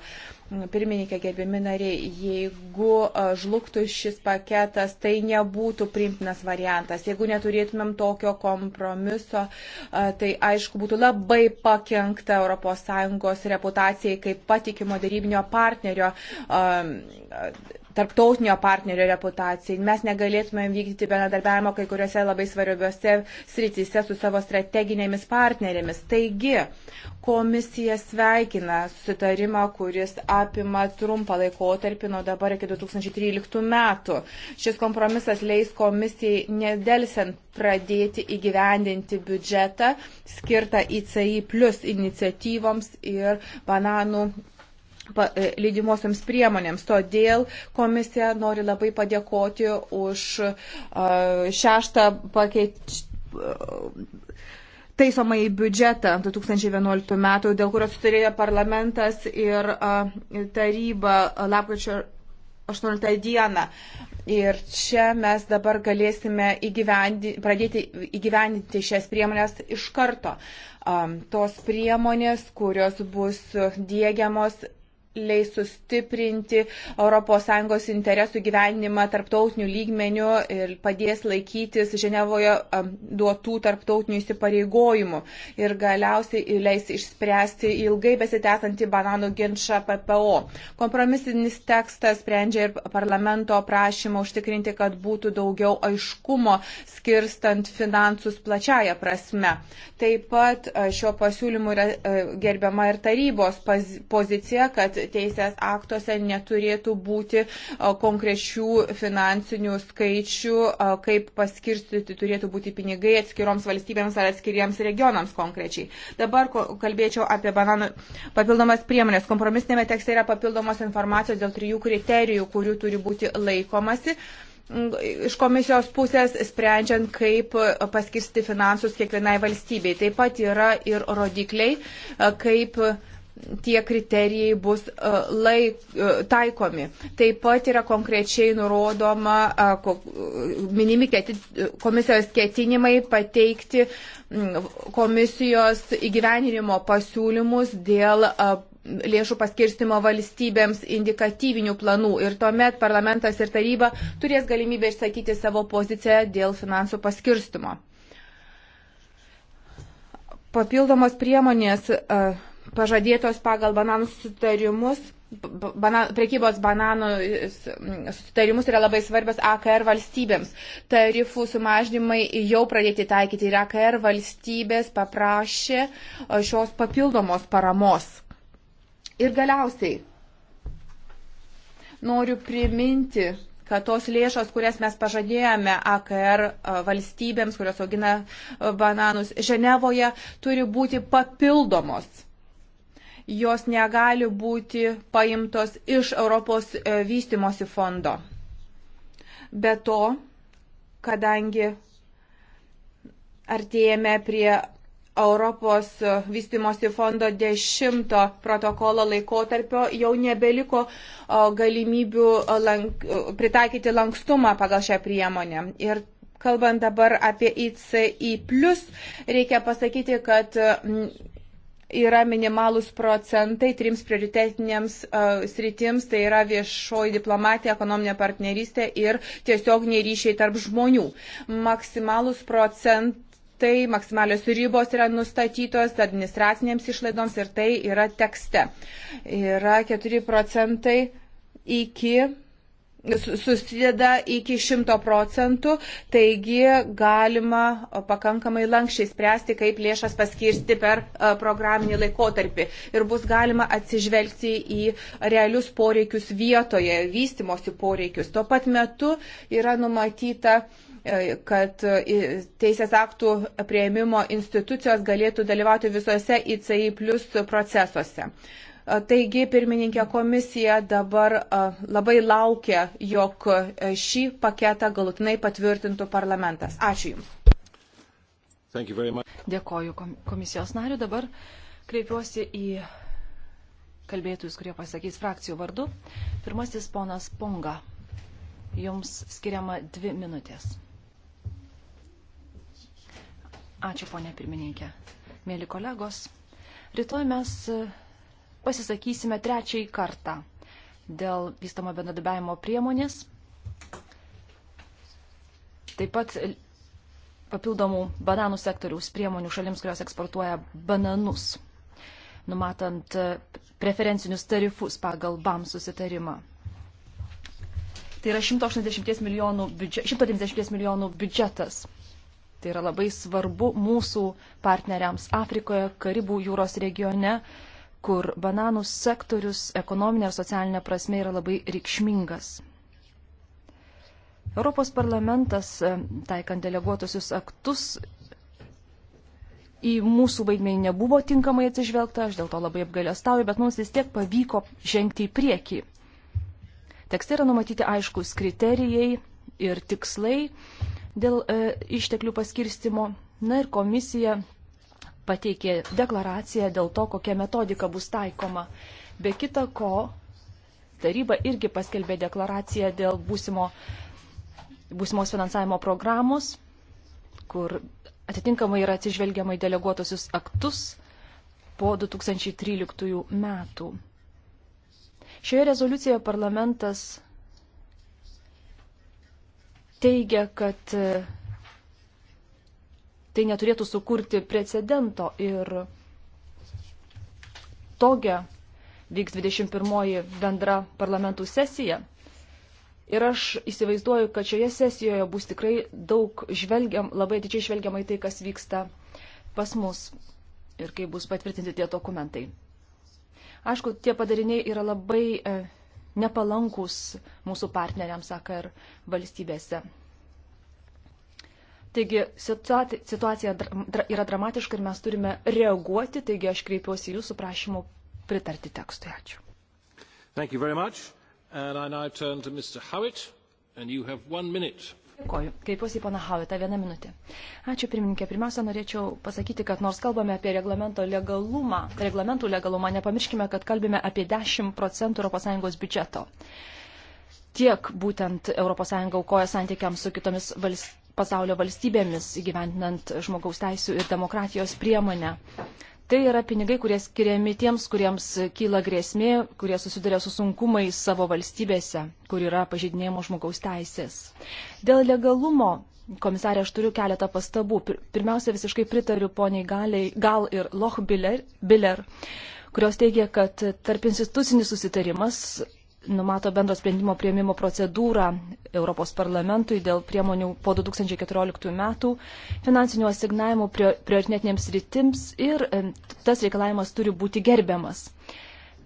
Mm, pirmininkė, gerbimi nariai, jeigu e, žlugtų šis paketas, tai nebūtų primtinas variantas. Jeigu neturėtumėm tokio kompromiso, e, tai aišku būtų labai pakengta ES reputacijai kaip patikimo darybinio partnerio. Um, tarptautinio partnerio reputacijai. Mes negalėtume vykdyti bendradarbiavimo kai kuriuose labai svarbiuose srityse su savo strateginėmis partnerėmis. Taigi, komisija sveikina sutarimą, kuris apima trumpą laikotarpį nuo dabar iki 2013 metų. Šis kompromisas leis komisijai nedelsiant pradėti įgyvendinti biudžetą skirtą ICI plus iniciatyvoms ir bananų E, lydimosioms priemonėms. Todėl komisija nori labai padėkoti už šeštą pakeitimą e, taisomąjį biudžetą 2011 metų, dėl kurio sutarėjo parlamentas ir taryba lapkričio 18 dieną. Ir čia mes dabar galėsime įgyvendi, pradėti įgyvendinti šias priemonės iš karto. Tos priemonės, kurios bus dėgiamos leis sustiprinti ES interesų gyvenimą tarptautinių lygmenių ir padės laikytis Ženevoje duotų tarptautinių įsipareigojimų ir galiausiai leis išspręsti ilgai besitęsantį bananų ginčą PPO. Kompromisinis tekstas sprendžia ir parlamento prašymą užtikrinti, kad būtų daugiau aiškumo skirstant finansus plačiaja prasme. Taip pat šio pasiūlymu yra gerbiama ir tarybos pozicija, kad teisės aktuose neturėtų būti konkrečių finansinių skaičių, kaip paskirstyti turėtų būti pinigai atskiroms valstybėms ar atskiriems regionams konkrečiai. Dabar kalbėčiau apie bananų papildomas priemonės. Kompromisinėme tekste yra papildomos informacijos dėl trijų kriterijų, kurių turi būti laikomasi mm, iš komisijos pusės sprendžiant, kaip paskirsti finansus kiekvienai valstybei. Taip pat yra ir rodikliai, kaip tie kriterijai bus e, laik, e, taikomi. Taip pat yra konkrečiai nurodoma, e, minimi keti, komisijos ketinimai pateikti komisijos įgyvenimo pasiūlymus dėl lėšų paskirstimo valstybėms indikatyvinių planų ir tuomet parlamentas ir taryba turės galimybę išsakyti savo poziciją dėl finansų paskirstimo. Papildomos priemonės uh, pažadėtos pagal bananų sutarimus banan, prekybos bananų sutarimus yra labai svarbios AKR valstybėms. Tarifų sumažinimai jau pradėti taikyti ir AKR valstybės paprašė šios papildomos paramos. Ir galiausiai noriu priminti, kad tos lėšos, kurias mes pažadėjome AKR valstybėms, kurios augina bananus Ženevoje, turi būti papildomos jos negali būti paimtos iš Europos e, vystimosi fondo. Be to, kadangi artėjame prie Europos vystimosi fondo dešimto protokolo laikotarpio jau nebeliko e, galimybių lank, pritaikyti lankstumą pagal šią priemonę. Ir kalbant dabar apie ICI, reikia pasakyti, kad yra minimalus procentai trims prioritetinėms uh, sritims, tai yra viešoji diplomatija, ekonominė partnerystė ir tiesioginiai ryšiai tarp žmonių. Maksimalus procentai tai maksimalios ribos yra nustatytos administracinėms išlaidoms ir tai yra tekste. Yra 4 procentai iki susideda iki 100 procentų, taigi galima pakankamai lankščiai spręsti, kaip lėšas paskirsti per e, programinį laikotarpį. Ir bus galima atsižvelgti į realius poreikius vietoje, vystimosi poreikius. Tuo pat metu yra numatyta e, kad e, teisės aktų prieimimo institucijos galėtų dalyvauti visose ICI plus procesuose. Taigi, pirmininkė komisija dabar labai laukia, jog šį paketą galutinai patvirtintų parlamentas. Ačiū Jums. Dėkoju komisijos nariu. Dabar kreipiuosi į kalbėtojus, kurie pasakys frakcijų vardu. Pirmasis ponas Ponga. Jums skiriama dvi minutės. Ačiū, ponė pirmininkė. Mėly kolegos, rytoj mes pasisakysime trečiai kartą dėl vystamo bendradarbiavimo priemonės. Taip pat papildomų bananų sektoriaus priemonių šalims, kurios eksportuoja bananus, numatant preferencinius tarifus pagal BAM susitarimą. Tai yra 180 milijonų, biudžet, 190 milijonų biudžetas. Tai yra labai svarbu mūsų partneriams Afrikoje, Karibų jūros regione, kur bananų sektorius ekonominė ir socialinė prasme yra labai reikšmingas. Europos parlamentas, e, taikant deleguotusius aktus, į mūsų vaidmenį nebuvo tinkamai atsižvelgta, aš dėl to labai apgailestauju, bet mums vis tiek pavyko žengti į priekį. Tekste yra numatyti aiškus kriterijai ir tikslai dėl e, išteklių paskirstimo. Na ir komisija pateikė deklaraciją dėl to, kokia metodika bus taikoma. Be kita ko, taryba irgi paskelbė deklaraciją dėl būsimo, būsimos finansavimo programos, kur atitinkamai yra atsižvelgiamai deleguotusius aktus po 2013 metų. Šioje rezoliucijoje parlamentas teigia, kad tai neturėtų sukurti precedento ir togia vyks 21 bendra parlamentų sesija. Ir aš įsivaizduoju, kad šioje sesijoje bus tikrai daug žvelgiam, labai didžiai žvelgiama į tai, kas vyksta pas mus ir kaip bus patvirtinti tie dokumentai. Aišku, tie padariniai yra labai e, nepalankus mūsų partneriams, sakar, valstybėse Taigi situacija yra dramatiška ir mes turime reaguoti, taigi aš kreipiuosi jūsų prašymu pritarti tekstui. Ačiū. Dėkoju. Kreipiuosi į pana Havitą vieną minutę. Ačiū pirmininkė. Pirmiausia, norėčiau pasakyti, kad nors kalbame apie reglamento legalumą, reglamentų legalumą, nepamirškime, kad kalbame apie 10 procentų ES biudžeto tiek būtent ES aukoja santykiams su kitomis valstybėmis pasaulio valstybėmis įgyventinant žmogaus teisų ir demokratijos priemonę. Tai yra pinigai, kurie skiriami tiems, kuriems kyla grėsmė, kurie susiduria su sunkumais savo valstybėse, kur yra pažydinėjimo žmogaus teisės. Dėl legalumo Komisarė, aš turiu keletą pastabų. Pirmiausia, visiškai pritariu poniai Galiai, Gal ir Loch Biller, Biller kurios teigia, kad tarp institucinis susitarimas numato bendro sprendimo prieimimo procedūrą Europos parlamentui dėl priemonių po 2014 metų finansinių asignavimų prioritetinėms rytims ir tas reikalavimas turi būti gerbiamas.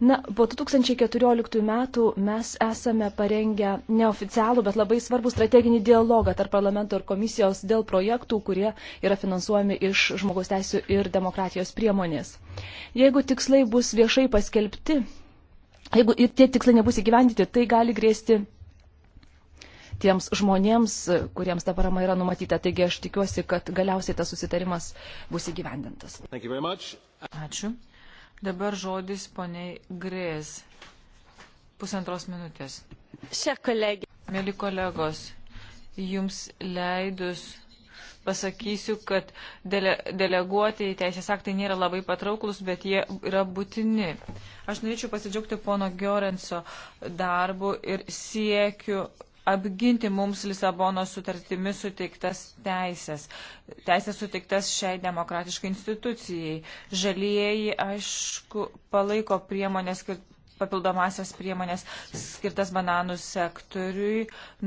Na, po 2014 metų mes esame parengę neoficialų, bet labai svarbų strateginį dialogą tarp parlamento ir komisijos dėl projektų, kurie yra finansuojami iš žmogaus teisų ir demokratijos priemonės. Jeigu tikslai bus viešai paskelbti, Jeigu ir tie tikslai nebus įgyvendyti, tai gali grėsti tiems žmonėms, kuriems ta parama yra numatyta. Taigi aš tikiuosi, kad galiausiai tas susitarimas bus įgyvendintas. Ačiū. Dabar žodis poniai grės. Pusantros minutės. Šia kolegė. Mėly kolegos, jums leidus pasakysiu, kad dele, deleguoti teisės aktai nėra labai patrauklus, bet jie yra būtini. Aš norėčiau pasidžiaugti pono Giorenso darbu ir siekiu apginti mums Lisabono sutartimi suteiktas teisės, teisės suteiktas šiai demokratiškai institucijai. Žalieji, aišku, palaiko priemonės skirt papildomasias priemonės skirtas bananų sektoriui,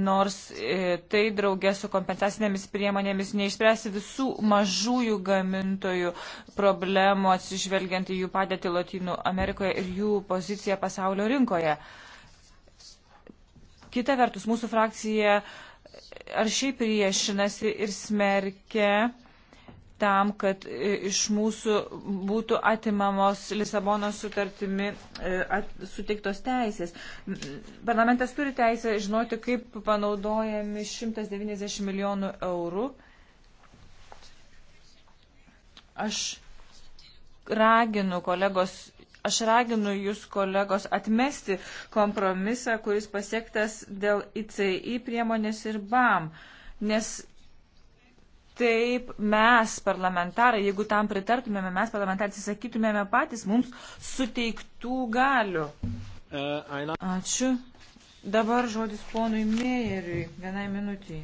nors e, tai draugė su kompensacinėmis priemonėmis neišspręsi visų mažųjų gamintojų problemų atsižvelgiant į jų padėtį Latinų Amerikoje ir jų poziciją pasaulio rinkoje. Kita vertus, mūsų frakcija ar šiaip priešinasi ir smerkia tam, kad e, iš mūsų būtų atimamos Lisabono sutartimi e, suteiktos teisės. Parlamentas turi teisę žinoti, kaip panaudojami 190 milijonų eurų. Aš raginu kolegos. Aš raginu jūs, kolegos, atmesti kompromisą, kuris pasiektas dėl ICI priemonės ir BAM, nes taip mes, parlamentarai, jeigu tam pritartumėme, mes parlamentarai atsisakytumėme patys mums suteiktų galių. Uh, Ačiū. Dabar žodis ponui Mėjeriui. Vienai minutiai.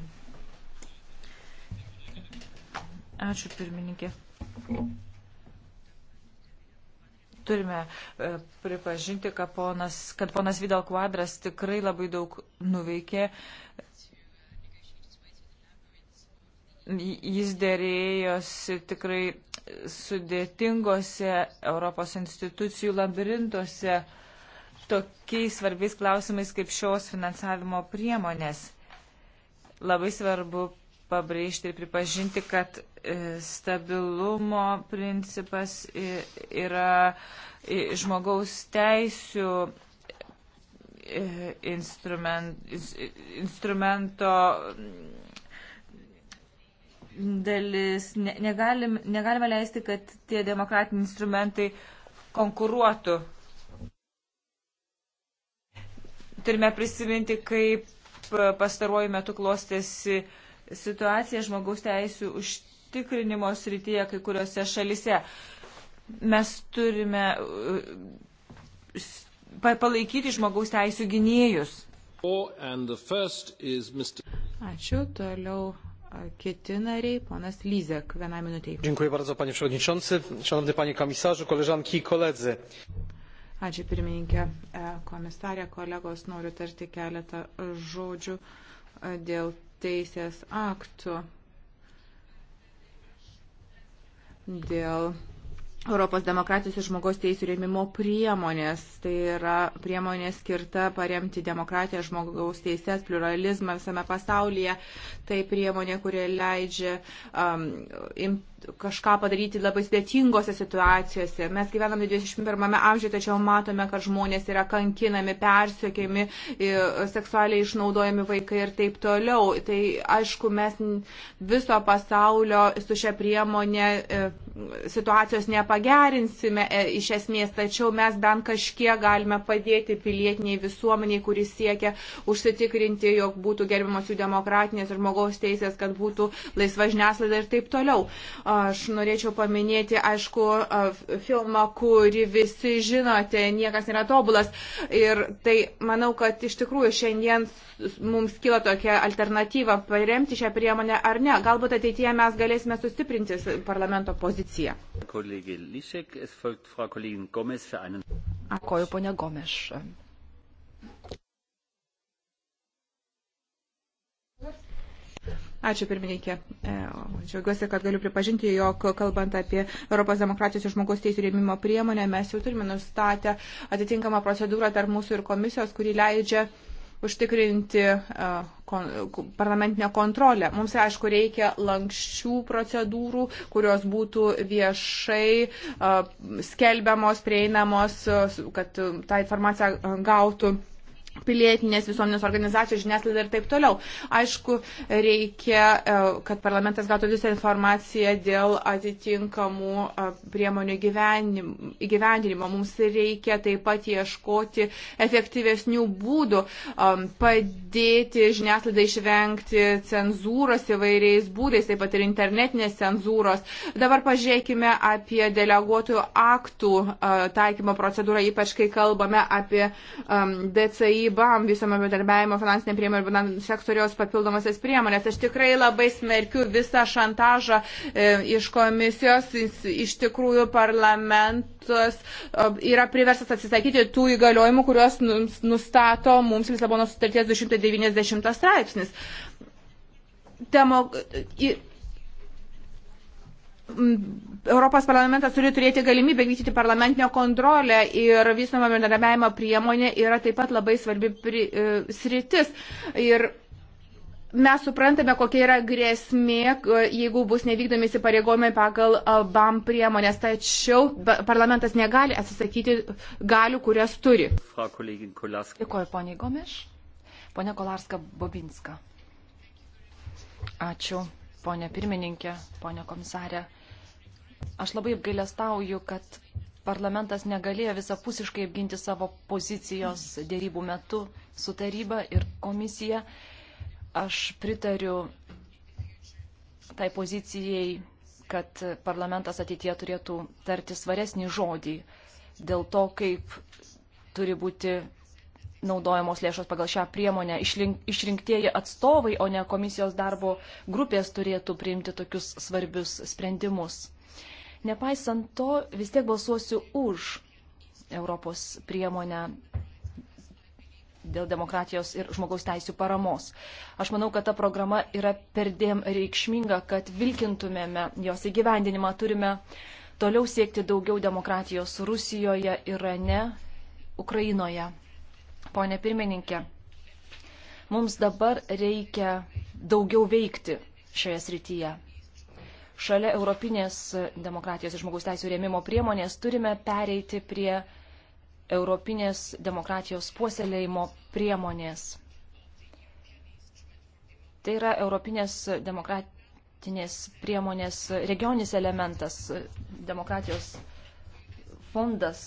Ačiū pirmininkė. Turime e, pripažinti, kad ponas, kad ponas Vidal Kvadras tikrai labai daug nuveikė jis dėrėjosi tikrai sudėtingose Europos institucijų labirintuose tokiais svarbiais klausimais kaip šios finansavimo priemonės. Labai svarbu pabrėžti ir pripažinti, kad e, stabilumo principas yra žmogaus teisių e, instrument, instrumento dalis. Ne, negalim, negalime leisti, kad tie demokratiniai instrumentai konkuruotų. Turime prisiminti, kaip pastaruoju metu klostėsi situacija žmogaus teisų užtikrinimo srityje kai kuriuose šalise. Mes turime uh, palaikyti žmogaus teisų gynėjus. Ačiū. Toliau kiti nariai. Ponas Lyzek, vieną minutę. Dziękuję bardzo, panie przewodniczący, szanowny panie komisarzu, koleżanki i koledzy. Ačiū pirmininkė, e, komisarė, kolegos, noriu tarti keletą žodžių e, dėl teisės aktų, dėl Europos demokratijos ir žmogaus teisų rėmimo priemonės. Tai yra priemonė skirta paremti demokratiją, žmogaus teises, pluralizmą visame pasaulyje. Tai priemonė, kurie leidžia um, imti kažką padaryti labai sudėtingose situacijose. Mes gyvename 21 amžiuje, tačiau matome, kad žmonės yra kankinami, persiekiami, seksualiai išnaudojami vaikai ir taip toliau. Tai aišku, mes viso pasaulio su šia priemonė e, situacijos nepagerinsime e, iš esmės, tačiau mes bent kažkiek galime padėti pilietiniai visuomeniai, kuris siekia užsitikrinti, jog būtų gerbiamas jų demokratinės ir žmogaus teisės, kad būtų laisva žiniaslaida ir taip toliau. Uh, Aš norėčiau paminėti, aišku, filmą, kurį visi žinote, niekas nėra tobulas. Ir tai manau, kad iš tikrųjų šiandien mums kyla tokia alternatyva paremti šią priemonę ar ne. Galbūt ateityje mes galėsime sustiprinti parlamento poziciją. Akoju, ponia Gomeš. Ačiū pirmininkė. E, džiaugiuosi, kad galiu pripažinti, jog kalbant apie Europos demokratijos ir žmogaus teisų rėmimo priemonę, mes jau turime nustatę atitinkamą procedūrą tarp mūsų ir komisijos, kuri leidžia užtikrinti e, parlamentinę kontrolę. Mums, aišku, reikia lankščių procedūrų, kurios būtų viešai e, skelbiamos, prieinamos, kad tą informaciją gautų pilietinės visuomenės organizacijos, žiniasklaida ir taip toliau. Aišku, reikia, e, kad parlamentas gautų visą informaciją dėl atitinkamų e, priemonių įgyvendinimo. Mums reikia taip pat ieškoti efektyvesnių būdų, e, padėti žiniasklaidai išvengti cenzūros įvairiais būdais, taip pat ir internetinės cenzūros. Dabar pažiūrėkime apie deleguotojų aktų taikymo procedūrą, ypač kai kalbame apie DCI dėrybam, visame bendarbiavimo finansinė priemonė ir bananų sektorijos papildomasias priemonės. Aš tikrai labai smerkiu visą šantažą e, iš komisijos. Iš tikrųjų parlamentas e, yra priversas atsisakyti tų įgaliojimų, kuriuos nu, nustato mums Lisabono sutarties 290 straipsnis. Demo... I... M Europos parlamentas turi turėti galimybę vykdyti parlamentinę kontrolę ir vystomą bendradarbiavimo priemonė yra taip pat labai svarbi pri, e, sritis. Ir mes suprantame, kokia yra grėsmė, e, jeigu bus nevykdomi įsipareigojimai pagal e, BAM priemonės, tačiau parlamentas negali atsisakyti galių, kurias turi. Dėkuoju, poniai Gomeš. Pone Kolarska Bobinska. Ačiū, ponė pirmininkė, ponė komisarė. Aš labai apgailestauju, kad parlamentas negalėjo visapusiškai apginti savo pozicijos dėrybų metu su taryba ir komisija. Aš pritariu tai pozicijai, kad parlamentas ateitie turėtų tarti svaresnį žodį dėl to, kaip turi būti naudojamos lėšos pagal šią priemonę. Išrinktieji atstovai, o ne komisijos darbo grupės turėtų priimti tokius svarbius sprendimus. Nepaisant to, vis tiek balsuosiu už Europos priemonę dėl demokratijos ir žmogaus teisų paramos. Aš manau, kad ta programa yra perdėm reikšminga, kad vilkintumėme jos įgyvendinimą. Turime toliau siekti daugiau demokratijos Rusijoje, Irane, Ukrainoje. Pone pirmininkė, mums dabar reikia daugiau veikti šioje srityje šalia Europinės demokratijos ir žmogaus teisų rėmimo priemonės turime pereiti prie Europinės demokratijos puoselėjimo priemonės. Tai yra Europinės demokratinės priemonės regioninis elementas, demokratijos fondas.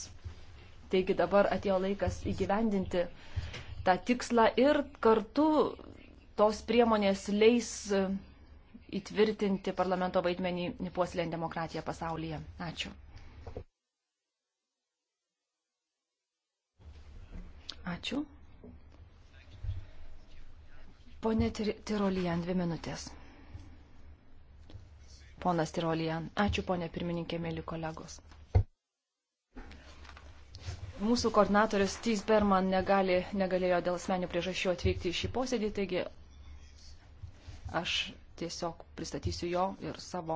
Taigi dabar atėjo laikas įgyvendinti tą tikslą ir kartu tos priemonės leis įtvirtinti parlamento vaidmenį puoselėjant demokratiją pasaulyje. Ačiū. Ačiū. Pone Tirolijan, dvi minutės. Ponas Tirolijan, ačiū ponė pirmininkė, mėly kolegos. Mūsų koordinatorius Tys Berman negali, negalėjo dėl asmenių priežasčių atvykti į šį posėdį, taigi aš tiesiog pristatysiu jo ir savo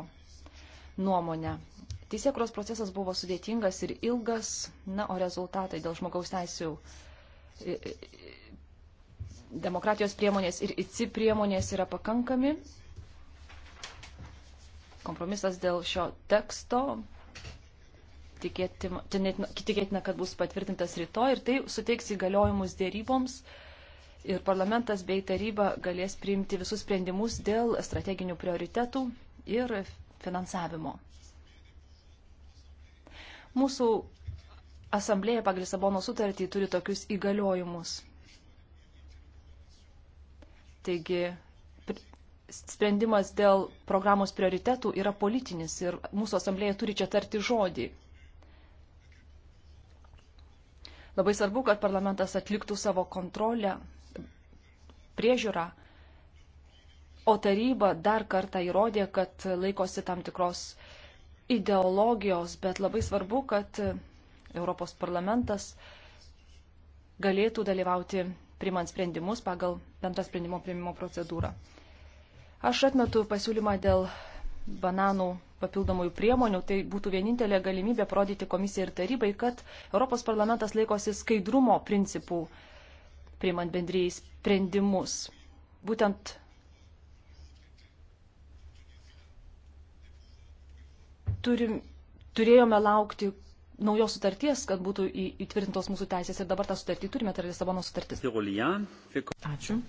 nuomonę. Teisėkros procesas buvo sudėtingas ir ilgas, na, o rezultatai dėl žmogaus teisų demokratijos priemonės ir ICI priemonės yra pakankami. Kompromisas dėl šio teksto tikėtina, tikėtina kad bus patvirtintas rytoj ir tai suteiks įgaliojimus dėryboms ir parlamentas bei taryba galės priimti visus sprendimus dėl strateginių prioritetų ir finansavimo. Mūsų asamblėja pagal Lisabono sutartį turi tokius įgaliojimus. Taigi sprendimas dėl programos prioritetų yra politinis ir mūsų asamblėja turi čia tarti žodį. Labai svarbu, kad parlamentas atliktų savo kontrolę priežiūrą, o taryba dar kartą įrodė, kad laikosi tam tikros ideologijos, bet labai svarbu, kad Europos parlamentas galėtų dalyvauti primant sprendimus pagal bendrą sprendimo priimimo procedūrą. Aš atmetu pasiūlymą dėl bananų papildomųjų priemonių, tai būtų vienintelė galimybė parodyti komisijai ir tarybai, kad Europos parlamentas laikosi skaidrumo principų priimant bendrėjai sprendimus. Būtent turim, turėjome laukti naujos sutarties, kad būtų įtvirtintos mūsų teisės ir dabar tą sutartį turime, tai yra Lisabono sutartis. Ačiū.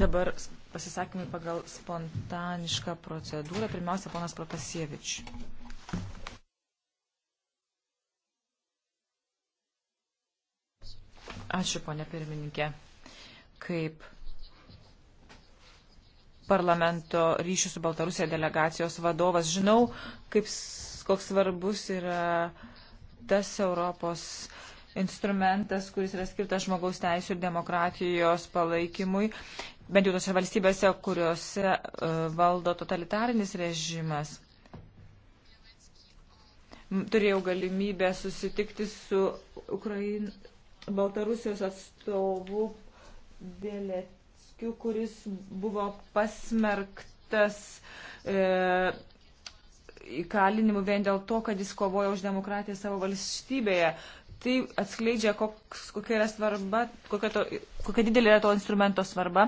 Dabar pasisakymai pagal spontanišką procedūrą. Pirmiausia, ponas Protasievičius. Ačiū, ponė pirmininkė. Kaip parlamento ryšių su Baltarusija delegacijos vadovas, žinau, kaip, koks svarbus yra tas Europos instrumentas, kuris yra skirtas žmogaus teisų ir demokratijos palaikymui, bent jau tose valstybėse, kuriuose e, valdo totalitarinis režimas. Turėjau galimybę susitikti su Ukrain... Baltarusijos atstovu Dėlėckiu, kuris buvo pasmerktas e, įkalinimu vien dėl to, kad jis kovojo už demokratiją savo valstybėje. Tai atskleidžia, koks, kokia yra svarba, kokia, to, kokia didelė yra to instrumento svarba.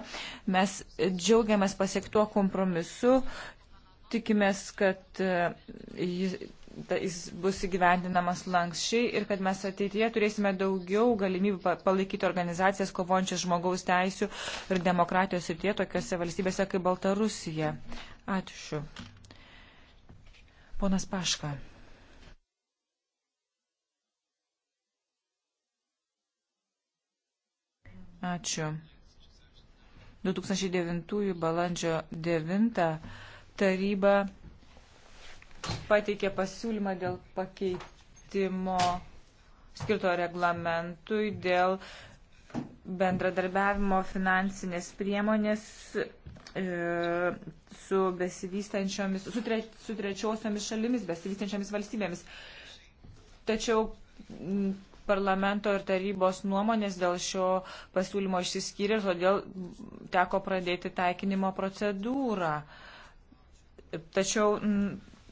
Mes džiaugiamės pasiektuo kompromisu, tikimės, kad e, jis ta, jis bus įgyvendinamas lankščiai ir kad mes ateityje turėsime daugiau galimybių palaikyti organizacijas kovojančias žmogaus teisų ir demokratijos ir tie tokiuose valstybėse kaip Baltarusija. Ačiū. Ponas Paška. Ačiū. 2009 balandžio 9 taryba pateikė pasiūlymą dėl pakeitimo skirto reglamentui dėl bendradarbiavimo finansinės priemonės e, su besivystančiomis, su, tre, su trečiosiomis šalimis, besivystančiomis valstybėmis. Tačiau m, parlamento ir tarybos nuomonės dėl šio pasiūlymo išsiskyrė, todėl teko pradėti taikinimo procedūrą. Tačiau m,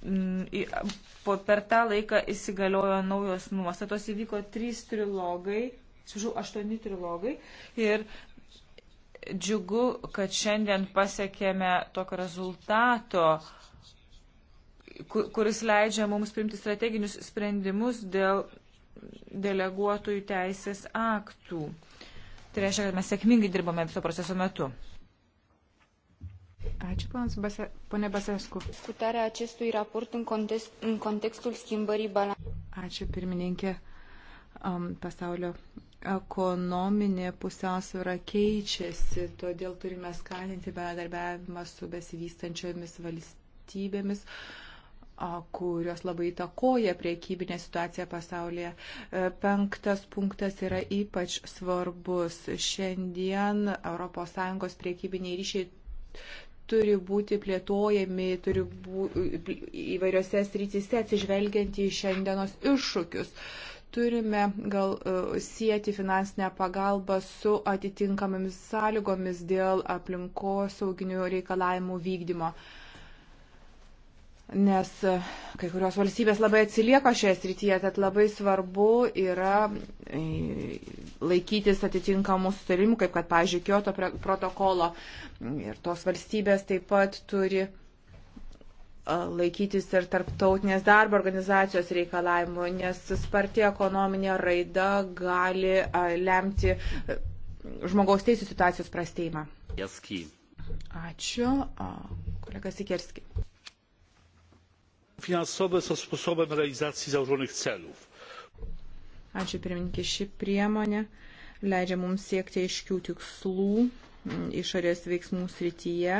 Mm, po, per tą laiką įsigaliojo naujos nuostatos, įvyko trys trilogai, sužau, aštuoni trilogai ir džiugu, kad šiandien pasiekėme tokio rezultato, kuris leidžia mums priimti strateginius sprendimus dėl deleguotojų teisės aktų. Tai reiškia, kad mes sėkmingai dirbame viso proceso metu. Ačiū, ponė Basescu. Discutarea acestui raport în, context, în contextul schimbării balansului. Ačiū, pirmininkė. Um, pasaulio ekonominė pusiausvėra keičiasi, todėl turime skatinti bendradarbiavimą su besivystančiomis valstybėmis kurios labai įtakoja priekybinę situaciją pasaulyje. E, penktas punktas yra ypač svarbus. Šiandien ES priekybiniai ryšiai turi būti plėtojami turi bū, įvairiose srityse atsižvelgiant į šiandienos iššūkius. Turime gal e, sieti finansinę pagalbą su atitinkamomis sąlygomis dėl aplinkosauginių reikalavimų vykdymo. Uh, nes e, kai kurios valstybės labai atsilieka šioje srityje, tad labai svarbu yra e, laikytis atitinkamų sutarimų, kaip kad, pavyzdžiui, Kyoto protokolo. Ir tos valstybės taip pat turi e, laikytis ir tarptautinės darbo organizacijos reikalavimų, nes sparti ekonominė raida gali lemti žmogaus teisų situacijos prastėjimą. Ačiū, kolega Sikerski finansowe są sposobem realizacji założonych celów. Ačiū pirmininkė, ši priemonė leidžia mums siekti aiškių tikslų išorės veiksmų srityje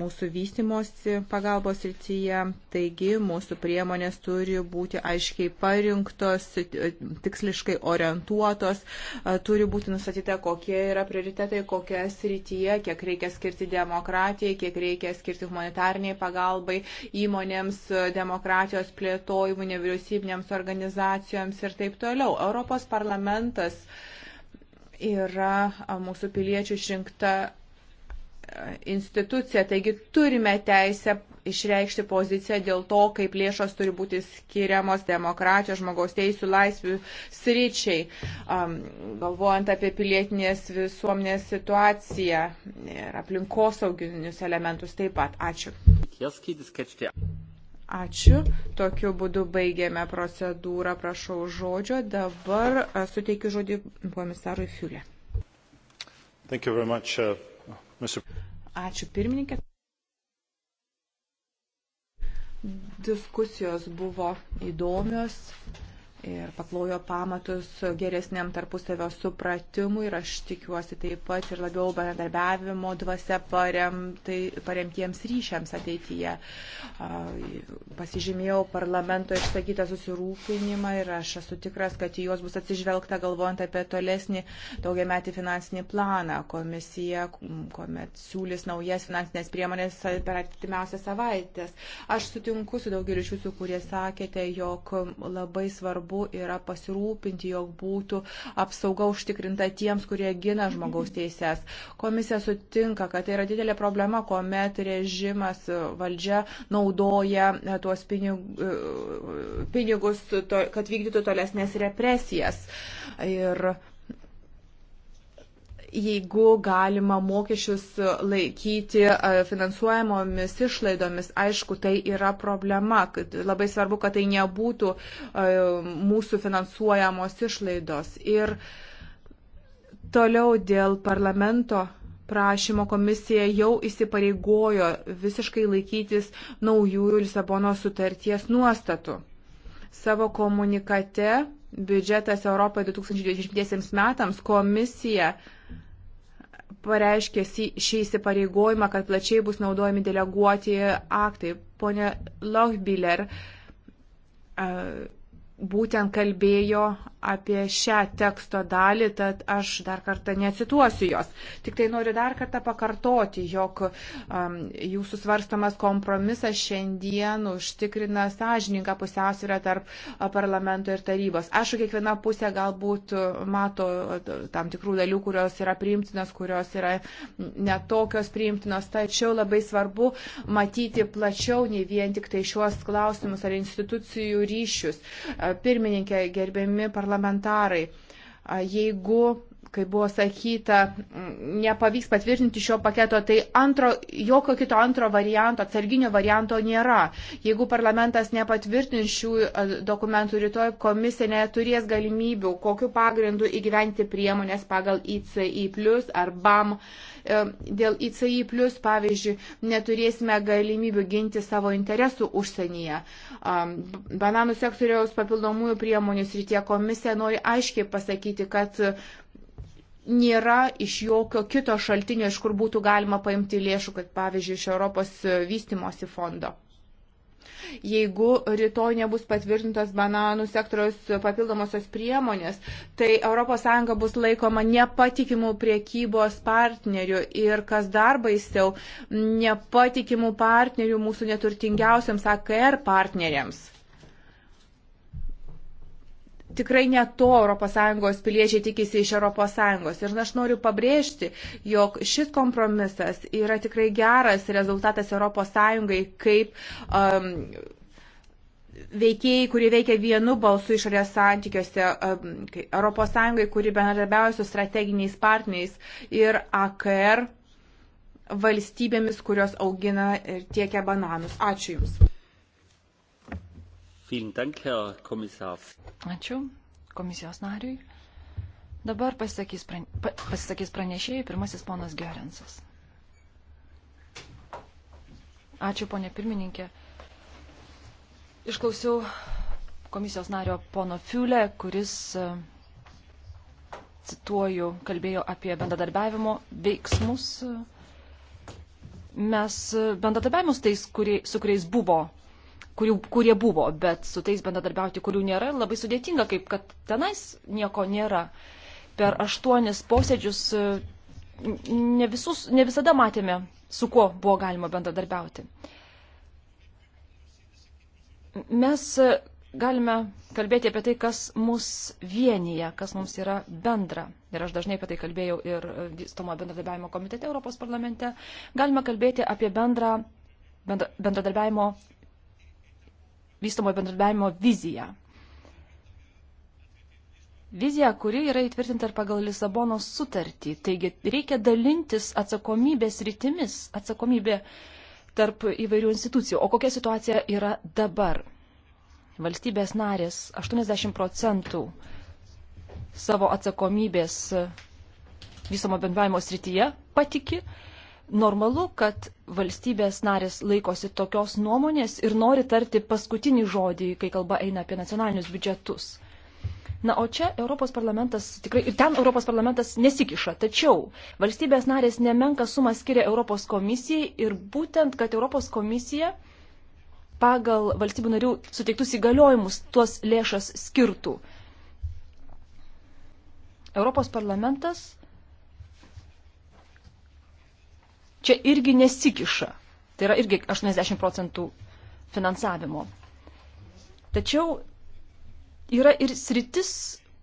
mūsų vystimosi pagalbos rytyje, taigi mūsų priemonės turi būti aiškiai parinktos, e, tiksliškai orientuotos, e, turi būti nustatyta, kokie yra prioritetai, kokia srityje, kiek reikia skirti demokratijai, kiek reikia skirti humanitarniai pagalbai įmonėms, e, demokratijos plėtojimui, nevyriausybinėms organizacijoms ir taip toliau. Europos parlamentas yra mūsų piliečių išrinkta institucija, taigi turime teisę išreikšti poziciją dėl to, kaip lėšos turi būti skiriamos demokratijos, žmogaus teisų, laisvių sričiai, um, galvojant apie pilietinės visuomenės situaciją ir aplinkosauginius elementus taip pat. Ačiū. Ačiū. Tokiu būdu baigėme procedūrą, prašau žodžio. Dabar uh, suteikiu žodį komisarui Fiulė. Thank you very much. Uh... Ačiū pirmininkė. Diskusijos buvo įdomios ir paklojo pamatus geresniam tarpusavio supratimui ir aš tikiuosi taip pat ir labiau bendradarbiavimo dvasia paremtai, paremtiems ryšiams ateityje. Pasižymėjau parlamento išsakytą susirūpinimą ir aš esu tikras, kad į juos bus atsižvelgta galvojant apie tolesnį daugiametį finansinį planą. Komisija, kuomet siūlys naujas finansinės priemonės per atitimiausias savaitės. Aš sutinku su daugeliu iš jūsų, kurie sakėte, jog labai svarbu svarbu yra pasirūpinti, jog būtų apsauga užtikrinta tiems, kurie gina žmogaus teises. Komisija sutinka, kad tai yra didelė problema, kuomet režimas e, valdžia naudoja e, tuos e, pinigus, kad vykdytų tolesnės represijas. Ir jeigu galima mokesčius laikyti finansuojamomis išlaidomis, aišku, tai yra problema. Labai svarbu, kad tai nebūtų mūsų finansuojamos išlaidos. Ir toliau dėl parlamento prašymo komisija jau įsipareigojo visiškai laikytis naujųjų Lisabono sutarties nuostatų. Savo komunikate biudžetas Europai 2020 metams komisija pareiškė šį įsipareigojimą, kad plačiai bus naudojami deleguoti aktai. Pone Lochbiller, uh, būtent kalbėjo apie šią teksto dalį, tad aš dar kartą necituosiu jos. Tik tai noriu dar kartą pakartoti, jog um, jūsų svarstamas kompromisas šiandien užtikrina sąžininką pusiausvyrą tarp uh, parlamento ir tarybos. Aišku, kiekviena pusė galbūt uh, mato uh, tam tikrų dalių, kurios yra priimtinos, kurios yra mm, netokios priimtinos, tačiau labai svarbu matyti plačiau, nei vien tik tai šiuos klausimus ar institucijų ryšius pirmininkė, gerbiami parlamentarai, jeigu kaip buvo sakyta, nepavyks patvirtinti šio paketo, tai antro, jokio kito antro varianto, atsarginio varianto nėra. Jeigu parlamentas nepatvirtins šių dokumentų rytoj, komisija neturės galimybių, kokiu pagrindu įgyventi priemonės pagal ICI plus ar BAM. Uh, E, dėl ICI, pavyzdžiui, neturėsime galimybių ginti savo interesų užsienyje. E, bananų sektoriaus papildomųjų priemonių srityje komisija nori aiškiai pasakyti, kad nėra iš jokio kito šaltinio, iš kur būtų galima paimti lėšų, kad pavyzdžiui, iš Europos vystimosi fondo. Jeigu rytoj nebus patvirtintos bananų sektoriaus papildomosios priemonės, tai ES bus laikoma nepatikimų priekybos partnerių ir, kas dar baisiau, nepatikimų partnerių mūsų neturtingiausiams AKR partneriams tikrai ne to ES piliečiai tikisi iš ES. Ir aš noriu pabrėžti, jog šis kompromisas yra tikrai geras rezultatas ES kaip um, veikėjai, kurie veikia vienu balsu išorės santykiuose, um, ES, kuri bendradarbiauja su strateginiais partneriais ir AKR valstybėmis, kurios augina ir tiekia bananus. Ačiū Jums. Ačiū komisijos nariui. Dabar pasisakys, prane... pasisakys pranešėjai pirmasis ponas Gerensas. Ačiū, ponė pirmininkė. Išklausiau komisijos nario pono Fiulė, kuris, e, cituoju, kalbėjo apie bendradarbiavimo veiksmus. Mes bendradarbiavimus tais, kurie, su kuriais buvo kurių, kurie buvo, bet su tais bendradarbiauti, kurių nėra, labai sudėtinga, kaip kad tenais nieko nėra. Per aštuonis posėdžius e, ne, visus, ne visada matėme, su kuo buvo galima bendradarbiauti. Mes e, galime kalbėti apie tai, kas mus vienyje, kas mums yra bendra. Ir aš dažnai apie tai kalbėjau ir e, vystomo bendradarbiavimo komitete Europos parlamente. Galime kalbėti apie bendrą bendradarbiavimo vystomojo bendradarbiavimo viziją. Vizija, kuri yra įtvirtinta ir pagal Lisabonos sutartį. Taigi reikia dalintis atsakomybės rytimis, atsakomybė tarp įvairių institucijų. O kokia situacija yra dabar? Valstybės narės 80 procentų savo atsakomybės visomo bendravimo srityje patiki normalu, kad valstybės narės laikosi tokios nuomonės ir nori tarti paskutinį žodį, kai kalba eina apie nacionalinius biudžetus. Na, o čia Europos parlamentas tikrai, ir ten Europos parlamentas nesikiša, tačiau valstybės narės nemenka sumą skiria Europos komisijai ir būtent, kad Europos komisija pagal valstybių narių suteiktus įgaliojimus tuos lėšas skirtų. Europos parlamentas čia irgi nesikiša. Tai yra irgi 80 procentų finansavimo. Tačiau yra ir sritis,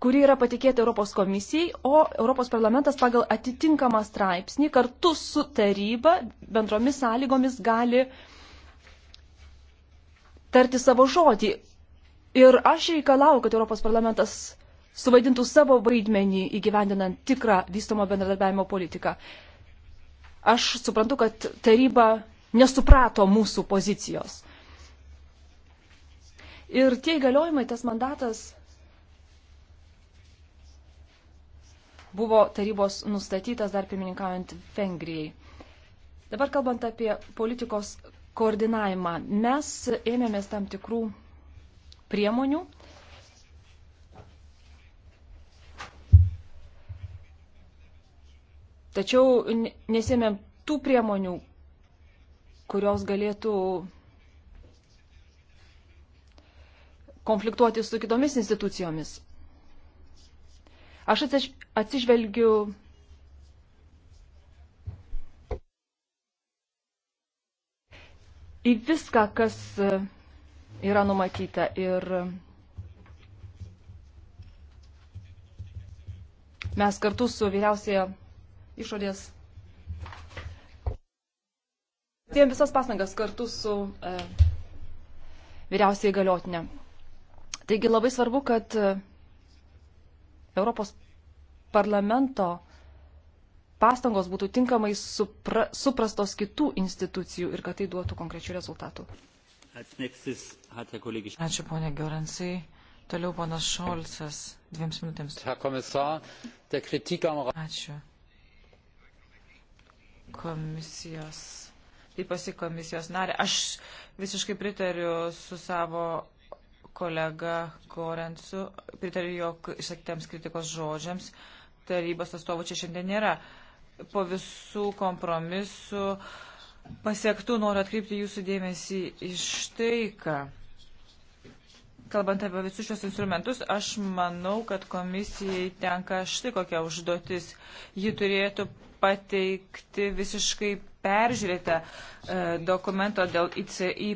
kuri yra patikėta Europos komisijai, o Europos parlamentas pagal atitinkamą straipsnį kartu su taryba bendromis sąlygomis gali tarti savo žodį. Ir aš reikalauju, kad Europos parlamentas suvaidintų savo vaidmenį įgyvendinant tikrą vystomo bendradarbiavimo politiką. Aš suprantu, kad taryba nesuprato mūsų pozicijos. Ir tie įgaliojimai, tas mandatas buvo tarybos nustatytas dar pirmininkaujant Vengrijai. Dabar kalbant apie politikos koordinavimą, mes ėmėmės tam tikrų priemonių Tačiau nesėmėm tų priemonių, kurios galėtų konfliktuoti su kitomis institucijomis. Aš atsižvelgiu į viską, kas yra numatyta ir mes kartu su vyriausiaja išorės. Tiem visas pastangas kartu su e, vyriausiai galiotinė. Taigi labai svarbu, kad e, Europos parlamento pastangos būtų tinkamai supra, suprastos kitų institucijų ir kad tai duotų konkrečių rezultatų. Ačiū, ponė Gerensai. Toliau ponas Šolcas, dviems minutėms. Ačiū komisijos, ypasi komisijos narė. Aš visiškai pritariu su savo kolega Korensu, pritariu jo išsakytiems kritikos žodžiams, tarybos atstovų čia šiandien nėra. Po visų kompromisų pasiektų noriu atkreipti jūsų dėmesį iš tai, ką. Kalbant apie visus šios instrumentus, aš manau, kad komisijai tenka štai kokia užduotis. Ji turėtų pateikti visiškai peržiūrėtą e, dokumento dėl ICI.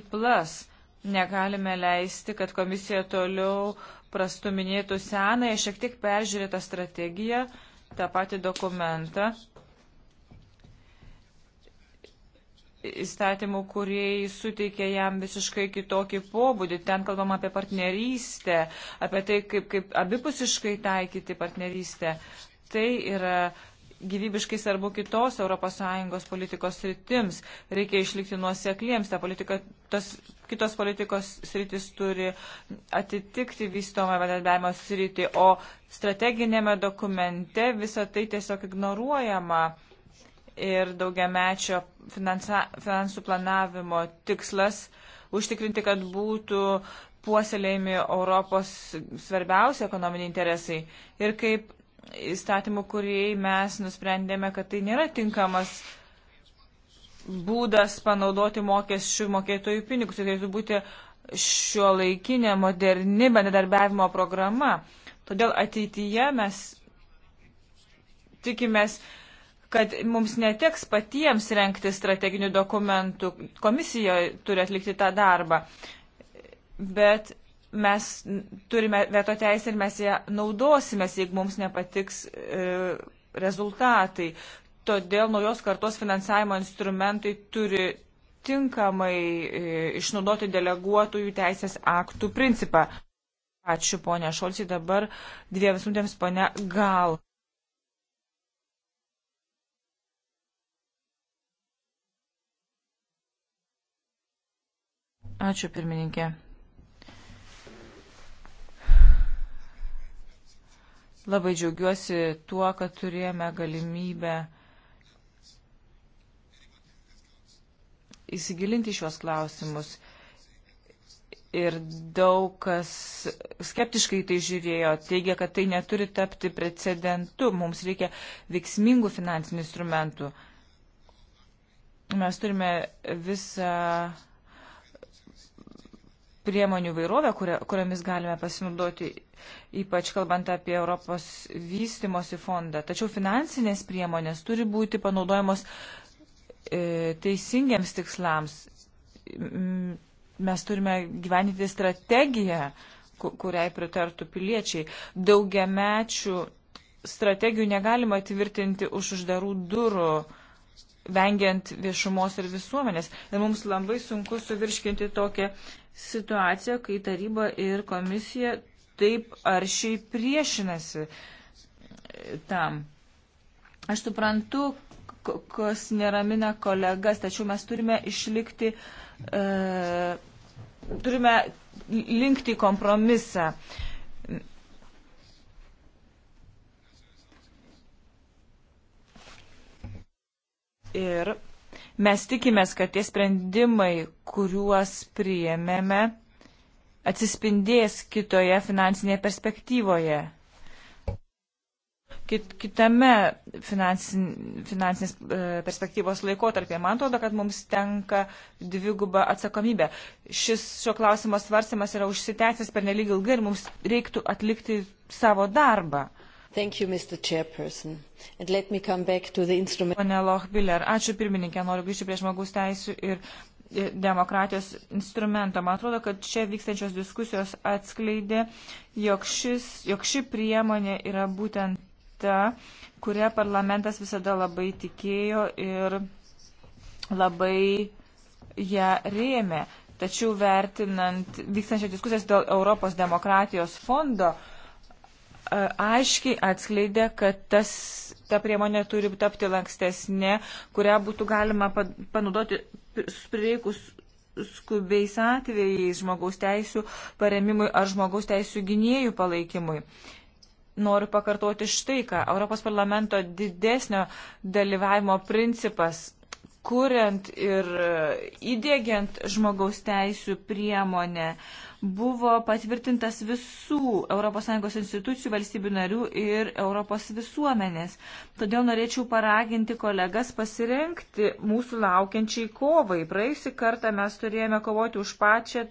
Negalime leisti, kad komisija toliau prastuminėtų senąją, šiek tiek peržiūrėtą strategiją, tą patį dokumentą. Įstatymų, kurie suteikė jam visiškai kitokį pobūdį. Ten kalbam apie partnerystę, apie tai, kaip, kaip abipusiškai taikyti partnerystę. Tai yra gyvybiškai svarbu kitos ES politikos sritims. Reikia išlikti nuosekliems. Ta politika, tas, kitos politikos sritis turi atitikti vystomą bendradarbiavimo sritį, o strateginėme dokumente visa tai tiesiog ignoruojama. Ir daugiamečio finansa, finansų planavimo tikslas užtikrinti, kad būtų puoselėjami Europos svarbiausi ekonominiai interesai. Ir kaip įstatymų, kuriai mes nusprendėme, kad tai nėra tinkamas būdas panaudoti mokesčių mokėtojų pinigus. Tai turėtų būti šio laikinė, moderni bendradarbiavimo programa. Todėl ateityje mes tikimės, kad mums neteks patiems renkti strateginių dokumentų. Komisija turi atlikti tą darbą. Bet mes turime veto teisę ir mes ją naudosime, jeigu mums nepatiks e, rezultatai. Todėl naujos kartos finansavimo instrumentai turi tinkamai e, išnaudoti deleguotųjų teisės aktų principą. Ačiū, ponia Šolci, dabar dviems minutėms, ponia Gal. Ačiū, pirmininkė. Labai džiaugiuosi tuo, kad turėjome galimybę įsigilinti šios klausimus. Ir daug kas skeptiškai tai žiūrėjo, teigia, kad tai neturi tapti precedentu, mums reikia veiksmingų finansinių instrumentų. Mes turime visą priemonių vairovę, kuriomis galime pasinaudoti, ypač kalbant apie Europos vystimosi fondą. Tačiau finansinės priemonės turi būti panaudojamos e, teisingiams tikslams. Mes turime gyveninti strategiją, kuriai pritartų piliečiai. Daugiamečių strategijų negalima tvirtinti už uždarų durų. E, vengiant viešumos ir visuomenės. Ir mums labai sunku suvirškinti tokią situaciją, kai taryba ir komisija taip aršiai priešinasi tam. Aš suprantu, kas neramina kolegas, tačiau mes turime išlikti, e, turime linkti kompromisą. E, Ir mes tikimės, kad tie sprendimai, kuriuos priėmėme, atsispindės kitoje finansinėje perspektyvoje. Kit, kitame finansin, finansinės e, perspektyvos laikotarpėje. Man atrodo, kad mums tenka dviguba atsakomybė. Šis šio klausimo svarstymas yra užsitęsęs per nelig ilgai ir mums reiktų atlikti savo darbą. You, Pane Lochbiller, ačiū pirmininkė, noriu grįžti prie žmogus teisų ir e, demokratijos instrumento. Man atrodo, kad čia vykstančios diskusijos atskleidė, jog, šis, jog ši priemonė yra būtent ta, kurią parlamentas visada labai tikėjo ir labai ją rėmė. Tačiau vertinant vykstančią diskusijas dėl Europos demokratijos fondo, uh, aiškiai atskleidė, kad tas, ta priemonė turi tapti lankstesnė, kurią būtų galima panaudoti prireikus skubiais atvejais žmogaus teisų paremimui ar žmogaus teisų gynėjų palaikymui. Noriu pakartoti štai ką. Europos parlamento didesnio dalyvavimo principas, kuriant ir įdėgiant žmogaus teisų priemonę, uh, buvo patvirtintas visų ES institucijų, valstybių narių ir Europos visuomenės. Todėl norėčiau paraginti kolegas pasirinkti mūsų laukiančiai kovai. Praėjusį kartą mes turėjome kovoti už pačią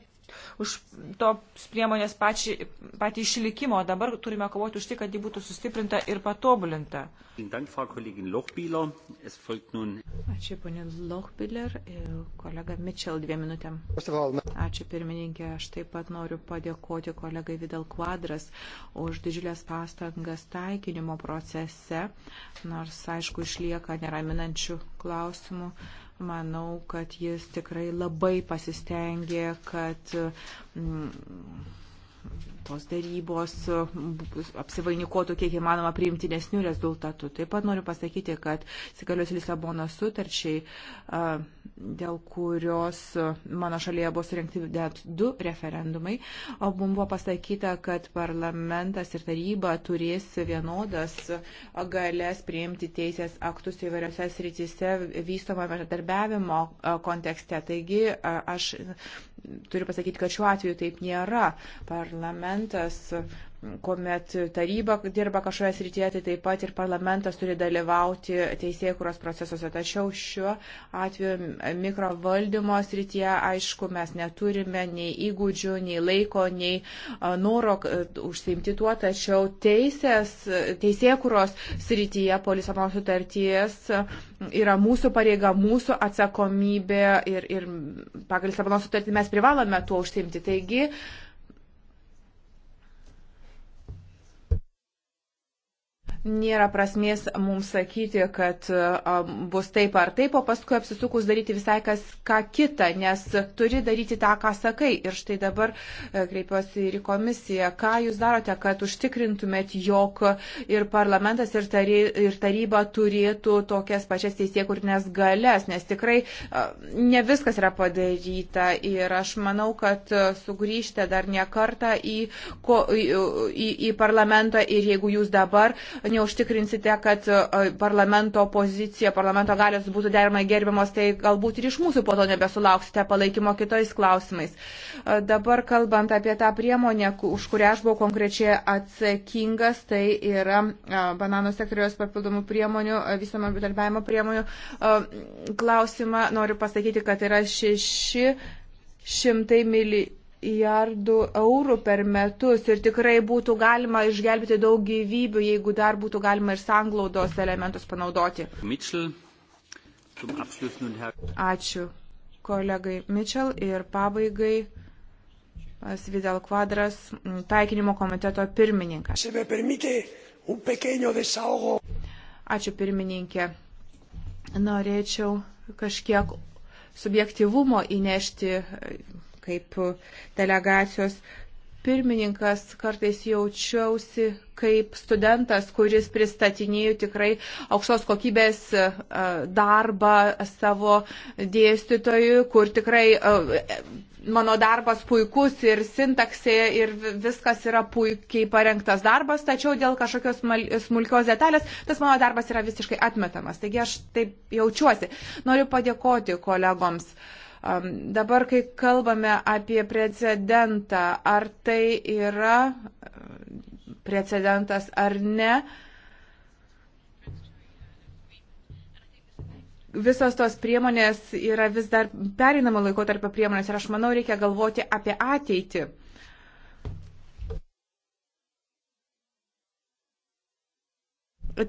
už tos priemonės pači, patį išlikimo. Dabar turime kovoti už tai, kad ji būtų sustiprinta ir patobulinta. Ačiū, ponė Lochbiller ir e, kolega Mitchell dviem minutėm. Ačiū, pirmininkė. Aš taip pat noriu padėkoti kolegai Vidal Quadras už didžiulės pastangas taikinimo procese, nors, aišku, išlieka neraminančių klausimų. Uh, Manau, kad jis tikrai labai pasistengė, kad. Mm, tos darybos apsivainikuotų kiek įmanoma priimtinesnių rezultatų. Taip pat noriu pasakyti, kad įsigalios Lisabono sutarčiai, dėl kurios mano šalyje buvo surinkti net du referendumai, o mums buvo pasakyta, kad parlamentas ir taryba turės vienodas galės priimti teisės aktus įvairiose srityse vystomą bendradarbiavimo kontekste. Taigi aš turiu pasakyti, kad šiuo atveju taip nėra. Parlament parlamentas, kuomet taryba dirba kažkoje srityje, tai taip pat ir parlamentas turi dalyvauti teisėkuros procesuose. Tačiau šiuo atveju mikrovaldymo srityje, aišku, mes neturime nei įgūdžių, nei laiko, nei noro užsimti tuo, tačiau teisės, teisėkuros srityje po Lisabono sutarties yra mūsų pareiga, mūsų atsakomybė ir, ir pagal Lisabono sutartį mes privalome tuo užsimti. Taigi, uh, nėra prasmės mums sakyti, kad bus taip ar taip, o paskui apsisukus daryti visai kas ką kitą, nes turi daryti tą, ką sakai. Ir štai dabar e, kreipiuosi ir į komisiją. Ką jūs darote, kad užtikrintumėt, jog ir parlamentas, ir, tary, ir taryba turėtų tokias pačias teisėkurtinės galės, nes tikrai ne viskas yra padaryta. Ir aš manau, kad e, sugrįžtė dar ne kartą į, į, į, į parlamentą ir jeigu jūs dabar neužtikrinsite, kad parlamento pozicija, parlamento galės būtų deramai gerbiamos, tai galbūt ir iš mūsų po to nebesulauksite palaikymo kitais klausimais. Dabar kalbant apie tą priemonę, už kurią aš buvau konkrečiai atsakingas, tai yra bananų sektorijos papildomų priemonių, visamo bitarbiavimo priemonių klausimą. Noriu pasakyti, kad yra šeši šimtai milijonų milijardų eurų per metus ir tikrai būtų galima išgelbėti daug gyvybių, jeigu dar būtų galima ir sanglaudos elementus panaudoti. Mitchell, Ačiū kolegai Mitchell ir pabaigai Svidel Kvadras, taikinimo komiteto pirmininkas. Ačiū pirmininkė. Norėčiau kažkiek subjektivumo įnešti kaip delegacijos pirmininkas kartais jaučiausi kaip studentas, kuris pristatinėjo tikrai aukštos kokybės darbą savo dėstytojui, kur tikrai mano darbas puikus ir sintaksė ir viskas yra puikiai parengtas darbas, tačiau dėl kažkokios smulkios detalės tas mano darbas yra visiškai atmetamas. Taigi aš taip jaučiuosi. Noriu padėkoti kolegoms. Uh, Dabar, kai kalbame apie precedentą, ar tai yra e, precedentas ar ne, visos tos priemonės yra vis dar perinamo laikotarpio priemonės ir aš manau reikia galvoti apie ateitį.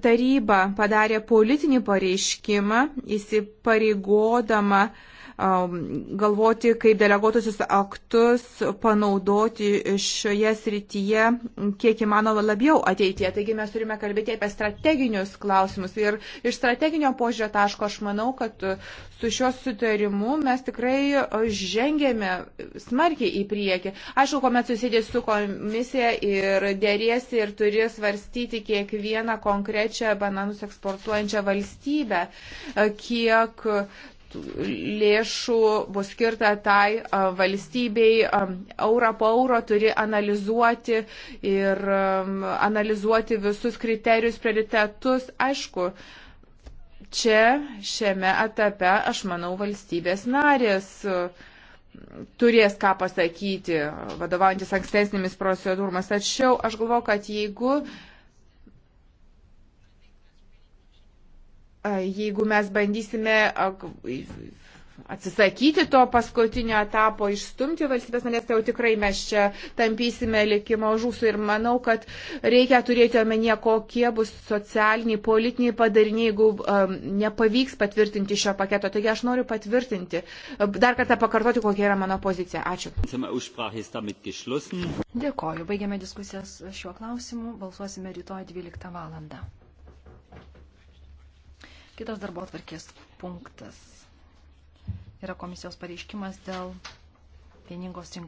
Taryba padarė politinį pareiškimą, įsipareigodama uh, Um, galvoti, kaip deleguotusius aktus panaudoti šioje srityje kiek įmanoma labiau ateityje. Taigi mes turime kalbėti apie strateginius klausimus. Ir iš strateginio požiūrio taško aš manau, kad su šiuo sutarimu mes tikrai žengėme smarkiai į priekį. Aišku, kuomet susidės su komisija ir dėrėsi ir turi svarstyti kiekvieną konkrečią bananus eksportuojančią valstybę, kiek lėšų bus skirta tai valstybei. Eurą po euro turi analizuoti ir analizuoti visus kriterijus, prioritetus. Aišku, čia šiame etape, aš manau, valstybės narės turės ką pasakyti, vadovaujantis ankstesnėmis procedūromis. Tačiau aš galvoju, kad jeigu uh, jeigu mes bandysime atsisakyti to paskutinio etapo, išstumti valstybės narės, tai jau tikrai mes čia tampysime likimo žūsų. Ir manau, kad reikia turėti omenyje, kokie bus socialiniai, politiniai padariniai, jeigu um, nepavyks patvirtinti šio paketo. Taigi aš noriu patvirtinti, dar kartą pakartoti, kokia yra mano pozicija. Ačiū. Dėkoju. Baigiame diskusijas šiuo klausimu. Balsuosime rytoj 12 valandą. Kitas darbo atvarkės punktas yra komisijos pareiškimas dėl vieningos rinkos.